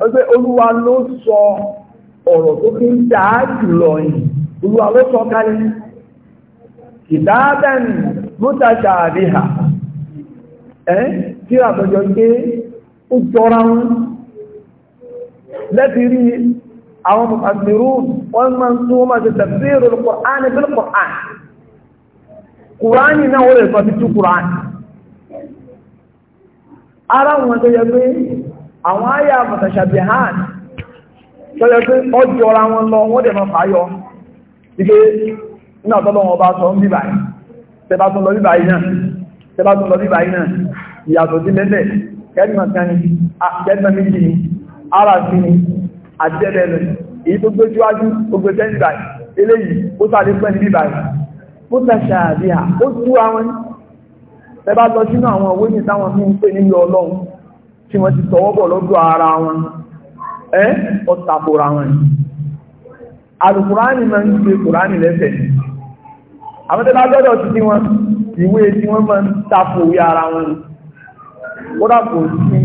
Ọgbẹ́ olúwa ló sọ ọ̀rọ̀ tó fi ń dáa jùlọ yìí, olúwa ló sọ kalẹ̀. Kitaban mutashabiha. Ẹ́ tí àtọ́jọ gbé ó jọra wọn. Lẹ́ti rí àwọn mọ̀kànlérú wọ́n máa ń tún máa ṣe tafsirul Qur'an bil Qur'an. kùránì náà ó lè sọ ti kùránì ara wọn tó yẹ pé àwọn àyà mọ̀tàṣàbí hàn tó yẹ pé ọjọ́ wọn lọ wọ́n dẹ̀ máa fàáyọ ike ní àtọ́lọ́wọ́n bá sọ ń bíbà yìí tẹ́bá tún lọ bíbà yìí náà tẹ́bá tún lọ náà ìyàtọ̀ sí lẹ́lẹ̀ ara sí ni àti ẹ̀rẹ̀ rẹ̀ èyí tó gbé síwájú tó gbé sẹ́yìn báyìí mọ́tàṣàbíà ó tú àwọn ẹbá lọ sínú àwọn owó ní táwọn mú ń pè nílé ọlọ́run tí wọ́n ti tọwọ́bọ̀ lọ́dọ̀ ara wọn ẹ́ ọ̀tàbòrà wọn alùkùránì máa ń gbé kùránì lẹ́sẹ̀ àwọn tẹ́lá lọ́dọ̀ ti tí wọ́n ìwé tí wọ́n máa ń tapò wí ara wọn kódà kò sí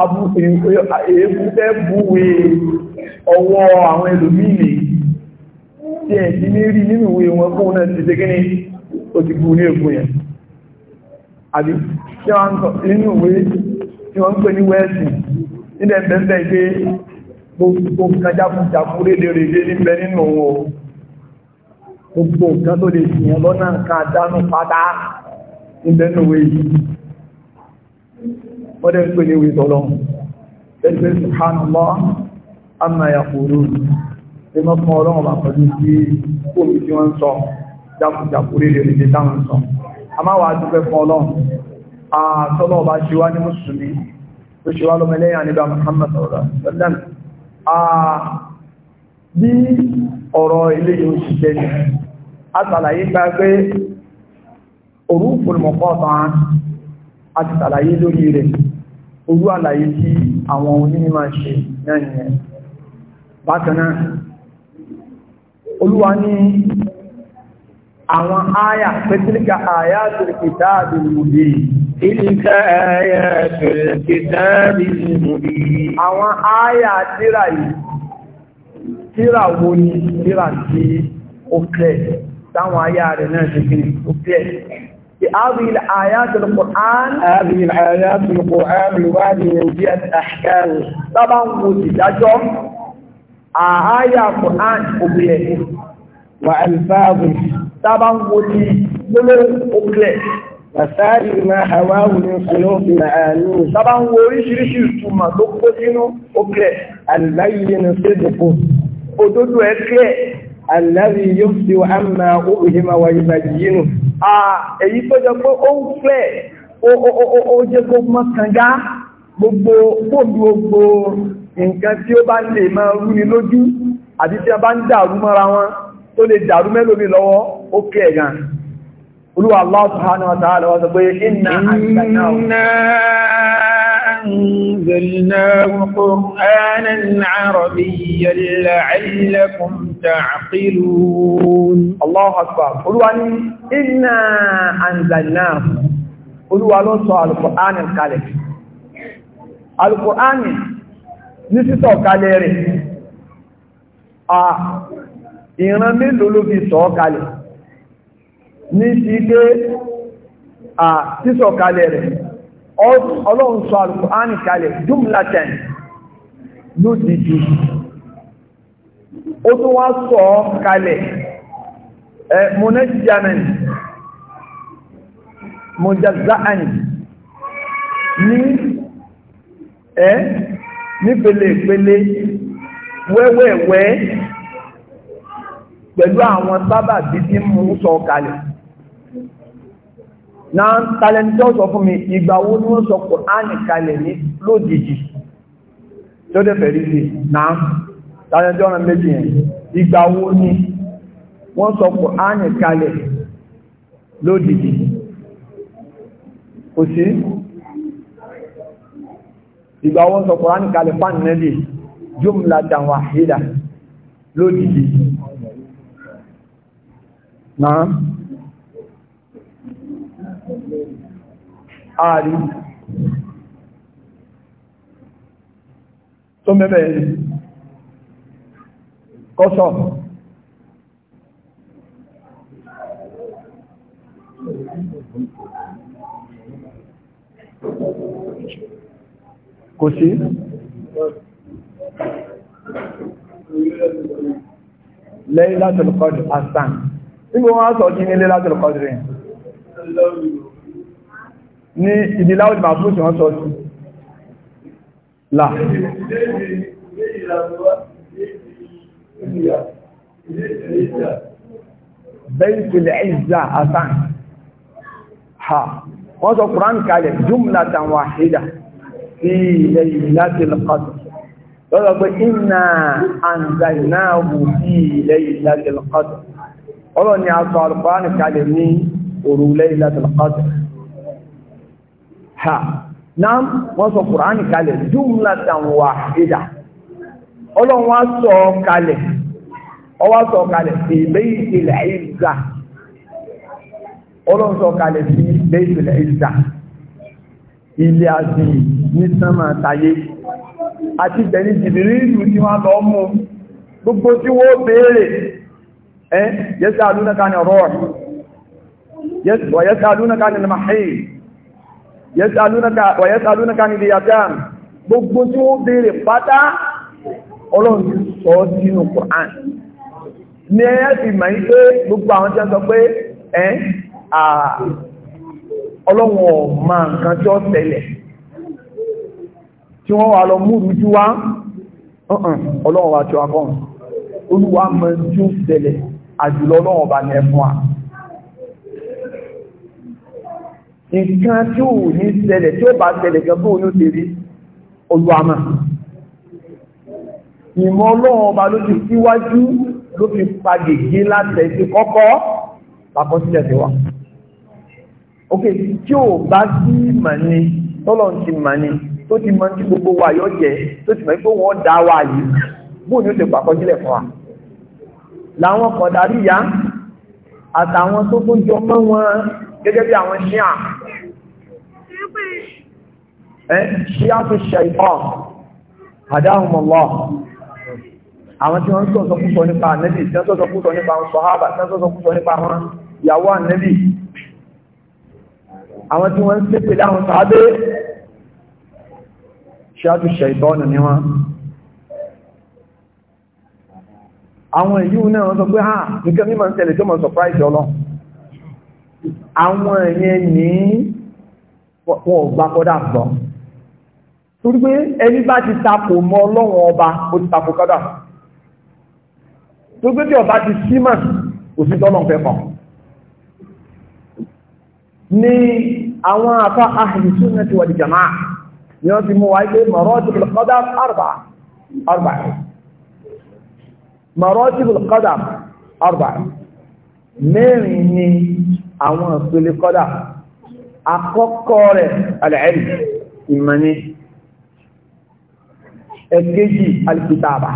abú èébú fẹ́ búwe ọwọ́ àwọn ẹlòmíì tí ẹ̀ ti ní rí nínú ìwé wọn fún náà ti tẹ́kẹ́ ní ó ti gún ní ègùn yẹn àbí tí wọ́n kọ̀ nínú ìwé tí wọ́n ń pè ní wẹ́ẹ̀sì nílẹ̀ bẹ́ẹ̀ pé gbogbo nǹkan jákújákú rédèrèdè níbẹ̀ nínú wọn gbogbo nǹkan tó lè fi hàn lọ́nà nǹkan àdánù pátá níbẹ̀ nínú ìwé yìí wọ́n dẹ̀ ń pè ní ìwé tọ́lọ́ Ẹgbẹ́ subhanallah, amma yaqulun ṣe mọ́ fún ọlọ́run bá pẹ̀lú sí fóònù tí wọ́n ń sọ jákùjákù rèé rèé táwọn ń sọ a máa wà á dúpẹ́ fún ọlọ́run àtọ́nà ọba ṣe wá ní mùsùlùmí tó ṣe wá lọ́mọlẹ́yìn àníbà Muhammad sọ̀rọ̀ sọ́dán bí ọ̀rọ̀ ilé yóò ṣiṣẹ́ ni olúwa ní àwọn áyà pẹ̀tílíkà àyà tìrìkìtà àbìlùmùdì ìlìkà àyà tìrìkìtà àbìlùmùdì àwọn áyà tíra yìí tíra wo ni tíra tí ó kẹ́ táwọn áyà rẹ̀ náà ti fi ó kẹ́ هذه الآيات القرآن هذه الآيات القرآن الواجب من جهة أحكام طبعا وجد àáyà Quran òbílẹ̀ wà alifáàbùn tábà ń wo ti lólórí òbílẹ̀ wàsáàrì máa àwáwù ní kòlóòfì àánú tábà ń wo oríṣiríṣi ìtumọ̀ tó kó sínú òbílẹ̀ aláyé ní sídìkù òdodo ẹ̀ kílẹ̀ aláyé yóò fi wà á máa òbílẹ̀ máa wáyé bàjì yínú. èyí tó jẹ pé ó ń fẹ́ ó jẹ́ kó mọ́ kànga gbogbo gbogbo nǹkan tí ó bá lè máa rú ni lójú àti tí a bá ń dàrú mọ́ra wọn tó lè dàrú mẹ́lòmí lọ́wọ́ ó kẹ́ ẹ̀gàn olúwa Allah subhanahu pé inna ní sísọ̀kalẹ̀ rẹ̀ à ìran mélòó ló fi sọ̀kalẹ̀ ní sí pé à sísọ̀kalẹ̀ rẹ̀ ọlọ́run sọ Al-Qur'ani kalẹ̀ jùmlatan lódìdí ó tún wá sọ kalẹ̀ ẹ mọ́nẹ́jìdánẹ̀ ẹ́ nípelepele wẹ́wẹ́wẹ́ pẹ̀lú àwọn sábàbí tí mú sọ kalẹ̀ na talentọ́ sọ fún mi ìgbà wo ni wọ́n sọ Kùránì kalẹ̀ ní lójijì tó dẹ̀ fẹ̀rí sí na talentọ́ ọ̀nà méjì yẹn ìgbà wo ni wọ́n sọ Kùránì kalẹ̀ lójijì kò sí ìgbà wọn sọ kùránì kalẹ̀ fánìlẹ́lì jumlatan wahida lódìdí náà ààrí tó mẹ́bẹ̀ẹ́ kọ́sọ̀ kò sí lẹ́yìn látọ̀lù kọ́dù asán nígbò wọ́n sọ kí ní lẹ́yìn látọ̀lù kọ́dù rẹ̀ ní ìdíláwòdì máa fún ìwọ́n sọ sí là bẹ́ẹ̀kùlẹ̀ ìzà asán ha wọ́n sọ kùrán kalẹ̀ jùmlatan wahida sí ilẹ̀ yìí láti lọ́kọ̀tù lọ́dọ̀ pé iná àǹdàìnáàwò sí ilẹ̀ yìí láti lọ́kọ̀tù ọlọ́ ni a sọ alùpàánì kalẹ̀ ní òru ilẹ̀ yìí láti lọ́kọ̀tù ha náà wọ́n sọ kùránì kalẹ̀ jumlatan wahida ọlọ́run wá sọ kalẹ̀ ilé àti ní sánmà tayé àti bẹ̀ni jìbìrí ìlú tí wọ́n lọ mú gbogbo tí wọ́n béèrè ẹ́ yẹ́sẹ̀ alúnaka ni ọ̀rọ̀ wọ̀yẹ́sẹ̀ alúnaka ni mahir yẹ́sẹ̀ alúnaka ni liyatan gbogbo tí wọ́n béèrè pátá ọlọ́run sọ sínú Qur'an ní ẹ́ ọlọ́run ọ̀ma nǹkan tí ó tẹ̀lẹ̀ tí wọ́n wà lọ múrù jú wá uh-uh, ọlọ́run wà tí ó akọ́rùn olúwa mọ̀ jú tẹ̀lẹ̀ àjùlọ ọlọ́run ọba ní ẹfún wa nǹkan tí ò ní tẹ̀lẹ̀ tí ó bá tẹ̀lẹ̀ gan bó ní ó ti rí olúwa mọ̀ ìmọ̀ ọlọ́run ọba ló ti síwájú ló fi pagègé láti òkè tí ò bá sí mani, ní tọ́lọ̀ ti mà ní tó ti mọ tí gbogbo wa yọ jẹ tó ti mọ̀ pé wọ́n dá wa yìí bóun ni ó ti pàkọsílẹ̀ fún wa làwọn kan darí ya àtàwọn tó tó jọ mọ́ wọn gẹ́gẹ́ bí àwọn ṣíà ẹ́ ṣíà tó ṣe ìpọ̀ àdáhùnmọ̀lọ́ àwọn tí wọ́n sọ́sọ́ púpọ̀ nípa ànẹ́bì tí wọ́n sọ́sọ́ púpọ̀ nípa àwọn sọ̀hábà tí wọ́n sọ́sọ́ púpọ̀ nípa àwọn ìyàwó ànẹ́bì àwọn tí wọ́n ń ṣépè láwọn sáábé ṣáàtù ṣẹ̀tọ́nù ni wọ́n àwọn èyí náà wọ́n sọ pé ha ah, nǹkan mímọ̀ ń tẹ̀lé tó mọ̀ surprise ọlọ́ àwọn èyàn ní wọ́n gbá kọ́dà gbọ́ torí pé ẹni bá ti tapò mọ́ ọlọ́wọ́n ọba ó ti tapò kọ́dà torí pé tí ọba ti símọ̀ òsìtọ́lọ́ fẹ́ kàn ní àwọn afá ahli sunnati wal jamaa ni wọ́n ti mú wáyé pé maratibul qadar arba'a arba'a maratibul qadar arba'a mẹ́rin ni àwọn ìpele kọ́dà àkọ́kọ́ rẹ̀ al ìmọ̀ni ẹ̀kejì al-kitaba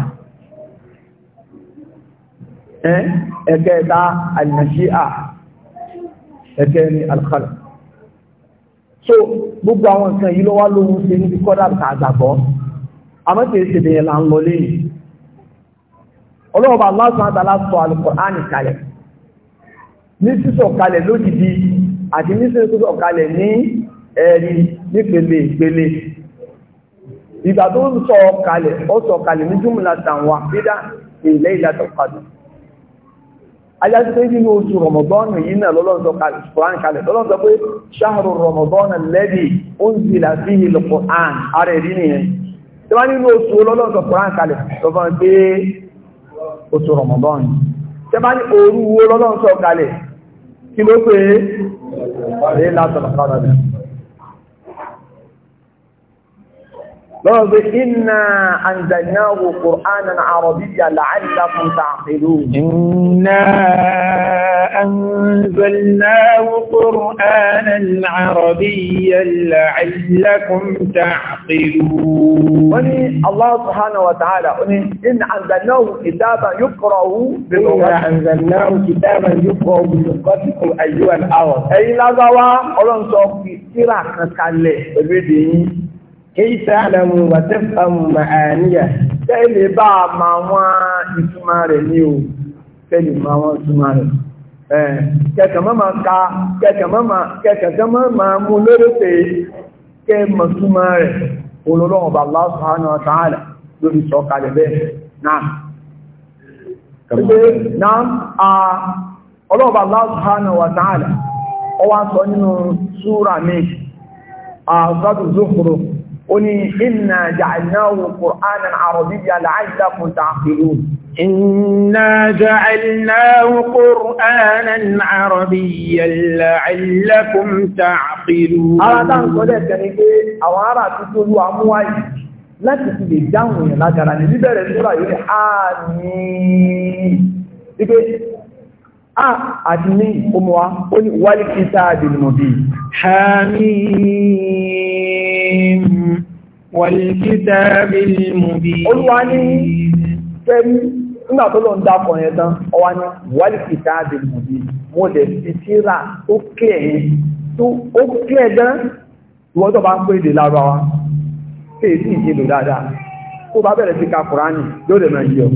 ẹ̀kẹta ẹ̀kẹ́ ní alkhala so gbogbo àwọn nǹkan yìí ló wá lóhun ṣe níbi kọ́dà tá a gbàgbọ́ àmọ́ kì í ṣe bẹ̀yẹn là ń lọ lẹ́yìn ọlọ́ọ̀bà Allah subhanahu wa ta'ala sọ Al-Qur'ani kalẹ̀ ní sísọ kalẹ̀ lójijì àti ní sísọ kalẹ̀ ní ẹ̀rí nípele ìpele ìgbà tó ń sọ kalẹ̀ ó sọ kalẹ̀ ní jùmùlà tàwọn àfídà ilẹ̀ ìlàtọ̀ padà ajásíté nínú oṣù rọmọdọ́nù yìí náà lọ́lọ́sọ Kùránì kalẹ̀ lọ́lọ́sọ pé ṣáàrù rọmọdọ́nù lẹ́dì ó ń zìlà sí ilẹ̀ Kùránì ààrẹ rí nìyẹn tí wọ́n nínú oṣù lọ́lọ́sọ Kùránì kalẹ̀ lọ́fọ́n pé oṣù rọmọdọ́nù tí lọ́wọ́ pé iná àǹdànáwò Kùránà àrọ̀bíyà la'allakum ta'qilun. Iná àǹdànáwò Kùránà àrọ̀bíyà la'allakum ta'qilun. Wọ́n ni Allah subhanahu wa ta'ala, wọ́n ni iná àǹdànáwò kìtàbà yuqra'u bí lọ́wọ́. Àǹdànáwò kìtàbà yuqra'u bí lọ́wọ́ kéyí tẹ́ àlẹ́mú màáníyà tẹ́lẹ̀ bá a ma wọ́n ìtumá rẹ̀ ní o tẹ́lẹ̀ ma wọ́n ìtumá rẹ̀ kẹ̀kẹ́ mọ́ ma ka kẹ̀kẹ́ mọ́ ma ma mú lórí pé kẹ́ mọ̀ túmá rẹ̀ olólùwọ̀n bá Allah lórí sọ̀kalẹ̀ bẹ́ẹ̀ náà. Ṣé náà a ọlọ́ọ̀bá Allah nínú mi, oni inna ja'alnahu qur'anan arabiyyan la'allakum ta'qilun inna ja'alnahu qur'anan arabiyyan la'allakum ta'qilun ara tan ko de kan ke àwọn ará tutulu amuwa yi láti ti lè dáhùn yan lagara ní ìkómọ́wá Hamim wàlìkítàbí mùbí olúwa ní fẹ́rí nígbà tó lọ ń dákọ̀ yẹn tán ọwá ní wàlìkítàbí mùbí mo lè fi tírà ó kílẹ̀ yẹn tó ó kílẹ̀ gan ìwọ́n tó bá ń pè dè lára wa fèé sí ìṣe lò dáadáa tó bá bẹ̀rẹ̀ sí ka kùránì yóò lè máa yọ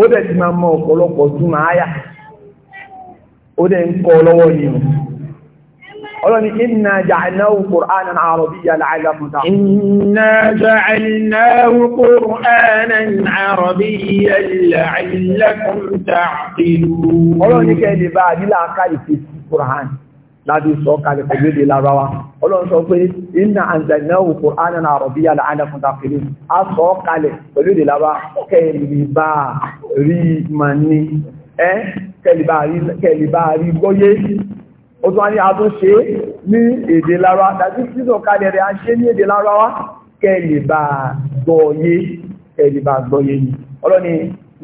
ó dẹ̀ ti máa mọ ọ̀pọ̀lọpọ̀ tún máa yà ó dẹ̀ ń kọ́ lọ́wọ́ yìí ọlọ́ni iná jàìnáwó kòránà àrọ̀bíyà láàrínláfúta. iná jàìnáwó kòránà àrọ̀bíyà láàrínláfúta ìlú. ọlọ́ni kẹ́lẹ̀ bá nílá aká ìfèsì kòránà láti sọ kalẹ̀ pẹ̀lú èdè larawa ọlọ́run sọ pé iná àǹzàìnáwó kòránà àrọ̀bíyà láàrínláfúta ìlú a sọ kalẹ̀ pẹ̀lú èdè ó tún wá ní àtúnṣe ní èdè lára dájú sísọ kádẹrẹ a ṣe ní èdè lára wá kẹlìbà gbọ́yé kẹlìbà gbọ́yé ni ọlọ́ni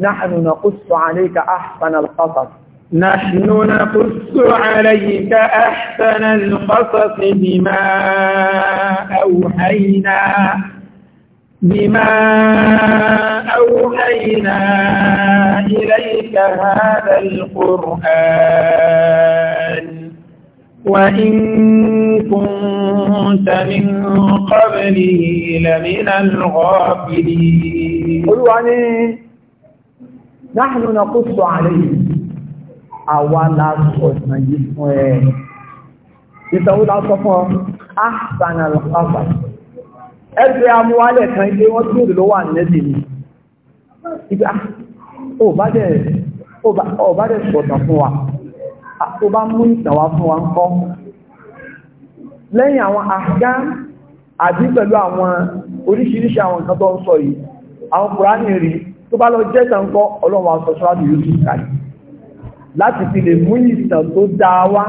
nahnu naqussu alayka ahsana al-qasas نحن نقص عليك أحسن القصص بما أوحينا بما أوحينا إليك هذا القرآن وإن كنت من قبله لمن الغافلين قلوا نحن نقص عليه أولا صوتنا جسمه ìtàwó lásọ fún ahsan al ẹgbẹ́ amúwálẹ̀ kan ilé wọ́n tí òdò ló wà nẹ́bì ní ìgbà ọ̀bádẹ̀ sọ̀tàn fún wa tó bá mú ìtàwà fún wa ń kọ́ lẹ́yìn àwọn àṣíká àti pẹ̀lú àwọn oríṣiríṣi àwọn nǹkan tó ń sọ yìí àwọn kùránì rí tó bá lọ jẹ́ tàǹkọ́ ọlọ́wọ́ sọ́ṣọ́láàdì yóò tún kàí láti fi lè mú ìtàn tó dáa wá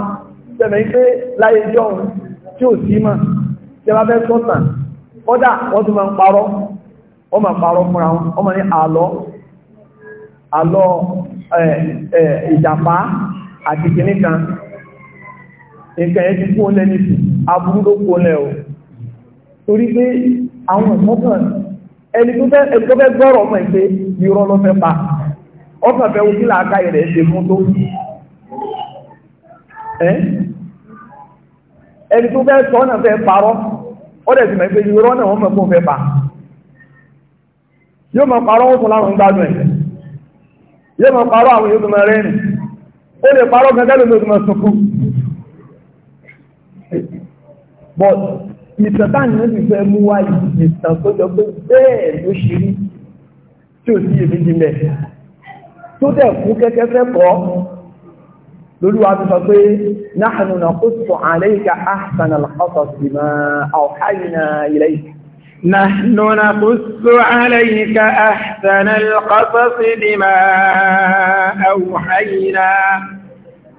tẹ́mẹ̀ pé láyé jọun wọ́n tún máa ń parọ́ wọ́n máa parọ́ fúnra wọn wọ́n máa ní àlọ́ àlọ́ àti kìíní kan nǹkan ẹ̀ ti kó lẹ́ ní sí aburú ló kó lẹ́ o torí pé àwọn ọ̀sán ẹni tó fẹ́ gbọ́rọ̀ ọmọ ìpé irọ́ ló fẹ́ pa ọkàn fẹ́ wọ́n sílá aká ìrẹ̀ ṣe fún tó ẹni tó fẹ́ sọ náà fẹ́ parọ́ ó dẹ̀ sì mọ̀ pé irọ́ náà wọ́n mọ̀ fún fẹ́ pa yóò mọ̀ parọ́ ó tún láwọn gbádùn ẹ̀ yóò mọ̀ parọ́ àwọn yóò tún mọ̀ ó lè parọ́ gẹ́gẹ́lò ló túnmọ̀ sunkún but ìtàn táàní ló ti fẹ́ mú wá ìtàn tó jọ pé bẹ́ẹ̀ ló ṣe rí tí ò sí èméjì mẹ́ tó dẹ̀ fún kẹ́kẹ́ fẹ́ kọ́ lóluwà tó sọ pé nahnu naqussu alayka ahsana al-qasasi bima awhayna ilayka نحن نقص عليك أحسن القصص بما أوحينا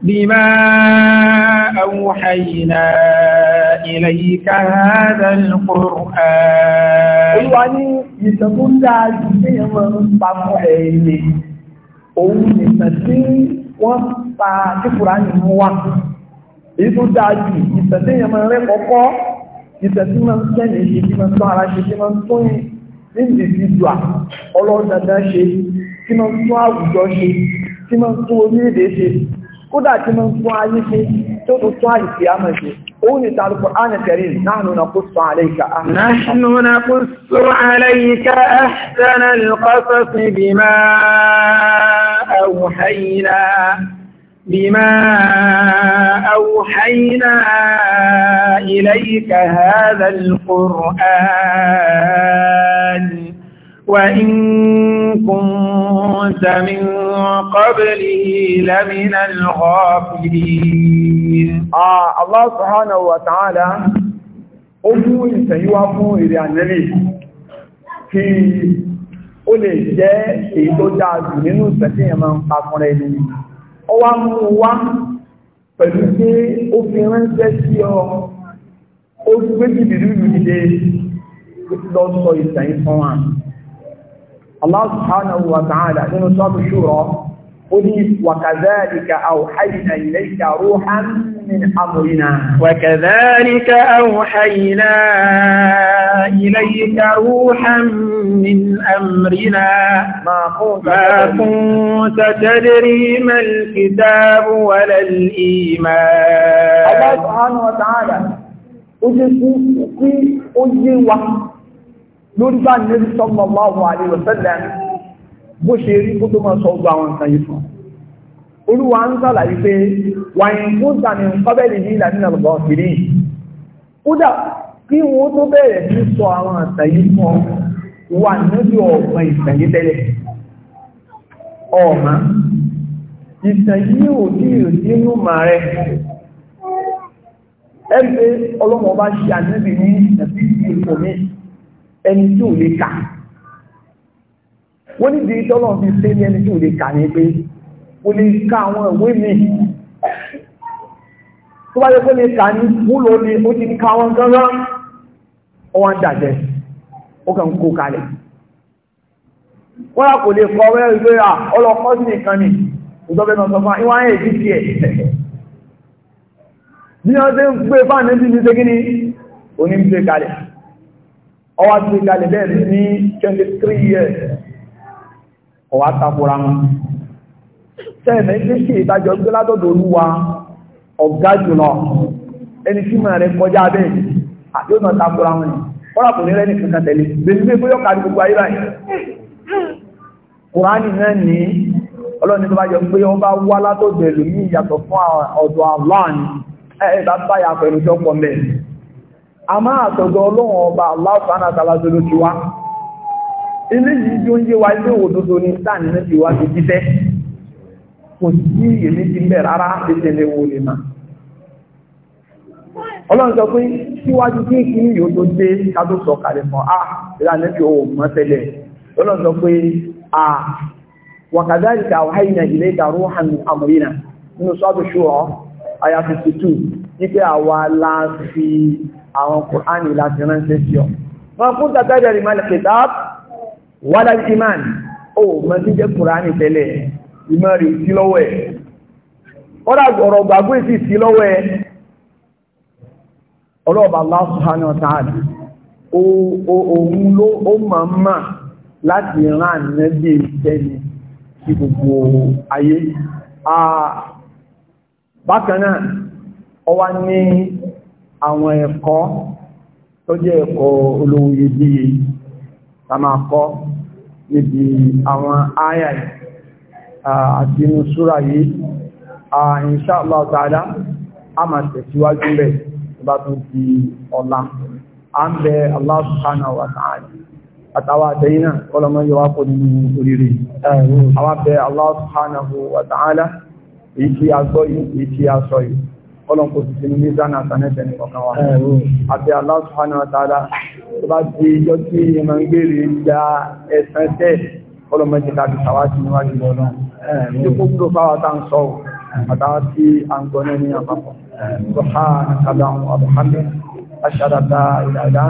بما أوحينا إليك هذا القرآن واني يتقول لعي في مصطفى عيني أول مسي ìtẹ̀ tí máa ń tẹ́lẹ̀ ṣe tí máa ń tọ́ ara ṣe tí máa ń tún ìdìdìdùà ọlọ́dàdà ṣe tí máa ń tún àwùjọ ṣe tí máa ń tún orílẹ̀-èdè ṣe kódà tí máa ń tún ayé ṣe tó tún tún àìsí àmà ṣe òun ni tàbí Qur'an Karim nahnu naqussu alayka nahnu naqussu alayka ahsana al-qasasi bima awhayna بما أوحينا إليك هذا القرآن وإن كنت من قبله لمن الغافلين آه الله سبحانه وتعالى أبو سيوافو إلى النبي في قل lè إذا جاء منه dáa jù ọ wá mú wá pẹ̀lú pé ó fi ránṣẹ́ sí ọ ó gbé jìbìrì ìlú dìde lọ sọ ìtàn ìfọ́n wa Allah subhanahu wa ta'ala nínú sọ́ọ̀bù ṣúrọ̀ وكذلك أوحينا إليك روحا من أمرنا وكذلك أوحينا إليك روحا من أمرنا ما كنت, ما كنت تدري ما الكتاب ولا الإيمان الله سبحانه وتعالى أجل لنبع النبي صلى الله عليه وسلم bó ṣe rí kó tó máa sọ ọgbà àwọn nǹkan yìí fún olúwa ń sàlàyé pé wàyìn fún sàmì kọ́bẹ̀lì ní ìlànà ọ̀gbà òkèrè kódà kí wọ́n tó bẹ̀rẹ̀ sí sọ àwọn àtàn yìí fún wà níbi ọ̀gbọ̀n ìtàn yìí tẹ́lẹ̀ ọ̀mà ìtàn yìí ò ní ìrètí inú màá rẹ̀ ẹgbẹ́ ọlọ́mọba ṣe àníbi ní ẹ̀fí ìfòmí ẹni tí ò lè kà wọ́n ní di tọ́lọ̀ fi ṣe ní ẹni tí ò lè kà ní pé o lè ka àwọn ìwé mi tó bá yẹ pé lè kà ní wúlò ní ó ti ka wọn gángan ọwọ́ ń dàjẹ́ ó kàn kó kalẹ̀ wọ́n kò lè kọ́ wẹ́ ìwé à ọlọ́kọ́ sí nìkan ni ìjọba náà sọ fún ìwọ̀n ayé ìdí tiẹ̀ bí wọ́n ṣe ń gbé fáànù ní ti ṣe kí ni onígbé kalẹ̀ ọwọ́ ti kalẹ̀ bẹ́ẹ̀ ní 23 years ọ̀wá takora wọn sẹ́ẹ̀mẹ́ tí ṣe ìdájọ́ gbé látọ̀dọ̀ olúwa ọ̀gá jùlọ ẹni tí mọ̀ rẹ̀ kọjá bẹ́ẹ̀ àti ó náà takora wọn ni kọ́lá kò ní rẹ́ ní kankan tẹ̀lé bẹ́ẹ̀ bí bóyọ́ kárí gbogbo ayé báyìí kùránì náà ní ọlọ́ni tó bá jọ pé wọ́n bá wá látọ̀dọ̀ ìlú ní ìyàtọ̀ fún ọ̀dọ̀ aláàni ẹ̀ẹ́dá báyà pẹ̀lú tó pọ̀ mẹ́ àmọ́ àtọ̀dọ̀ ọlọ́run ọba aláàfáàná tàbí ilé yìí tí ó ń yé wa ilé òdodo ni sáàni náà ti wá ti jíṣẹ́ kò sí èmi ti ń bẹ̀ rárá tètè lè wo lè mà ọlọ́run sọ pé síwájú kí kí ní yóò tó dé ká sọ kalẹ̀ mọ́ a ah, ìlànà tí ó mọ́ tẹ́lẹ̀ ọlọ́run sọ pé a wàkàdáríkà wáyìnà ilé ìdàrú hàn àmúrínà nínú sọ́dù ṣúrọ̀ àyà 52 ní pé àwa láti àwọn kùránì láti ránṣẹ́ sí ọ. wọn kún tàbí ẹ̀rì mọ́lẹ̀ wàlá iman ó mọ́ sí jẹ́ kùránì tẹ́lẹ̀ ìmọ̀ rí sí lọ́wọ́ ẹ̀ ọ̀rọ̀ ọ̀rọ̀ gbàgbé sí sí lọ́wọ́ ẹ̀ ọlọ́ọ̀bà Allah subhanahu wa ta'ala òun ló ó máa mà láti rán ànẹ́bí ìṣẹ́ni sí gbogbo ayé bákan náà ó wá ta máa kọ́ níbi àwọn àyà àti inú súra yìí insha Allah ta'ala a máa tẹ̀síwájú rẹ̀ bá tún di ọ̀la a ń bẹ Allah subhanahu wa ta'ala àtàwà àtẹ́yìnà kọlọmọ yọwá kò nínú oríire àwọn Allah subhanahu wa ta'ala èyí tí a gbọ́ ọlọ́n kò sì sínú ní ìdáná àtànẹ́tẹ̀ ní ọkàn wa àti Allah subhanahu wa ta'ala tó bá ti yọ tí ìmọ̀ ń gbèrè ya ẹ̀sán tẹ́ ọlọ́mọdé láti sàwájú níwájú lọ́nà tí kó kúrò fáwọn tá ń sọ àtàwọn tí a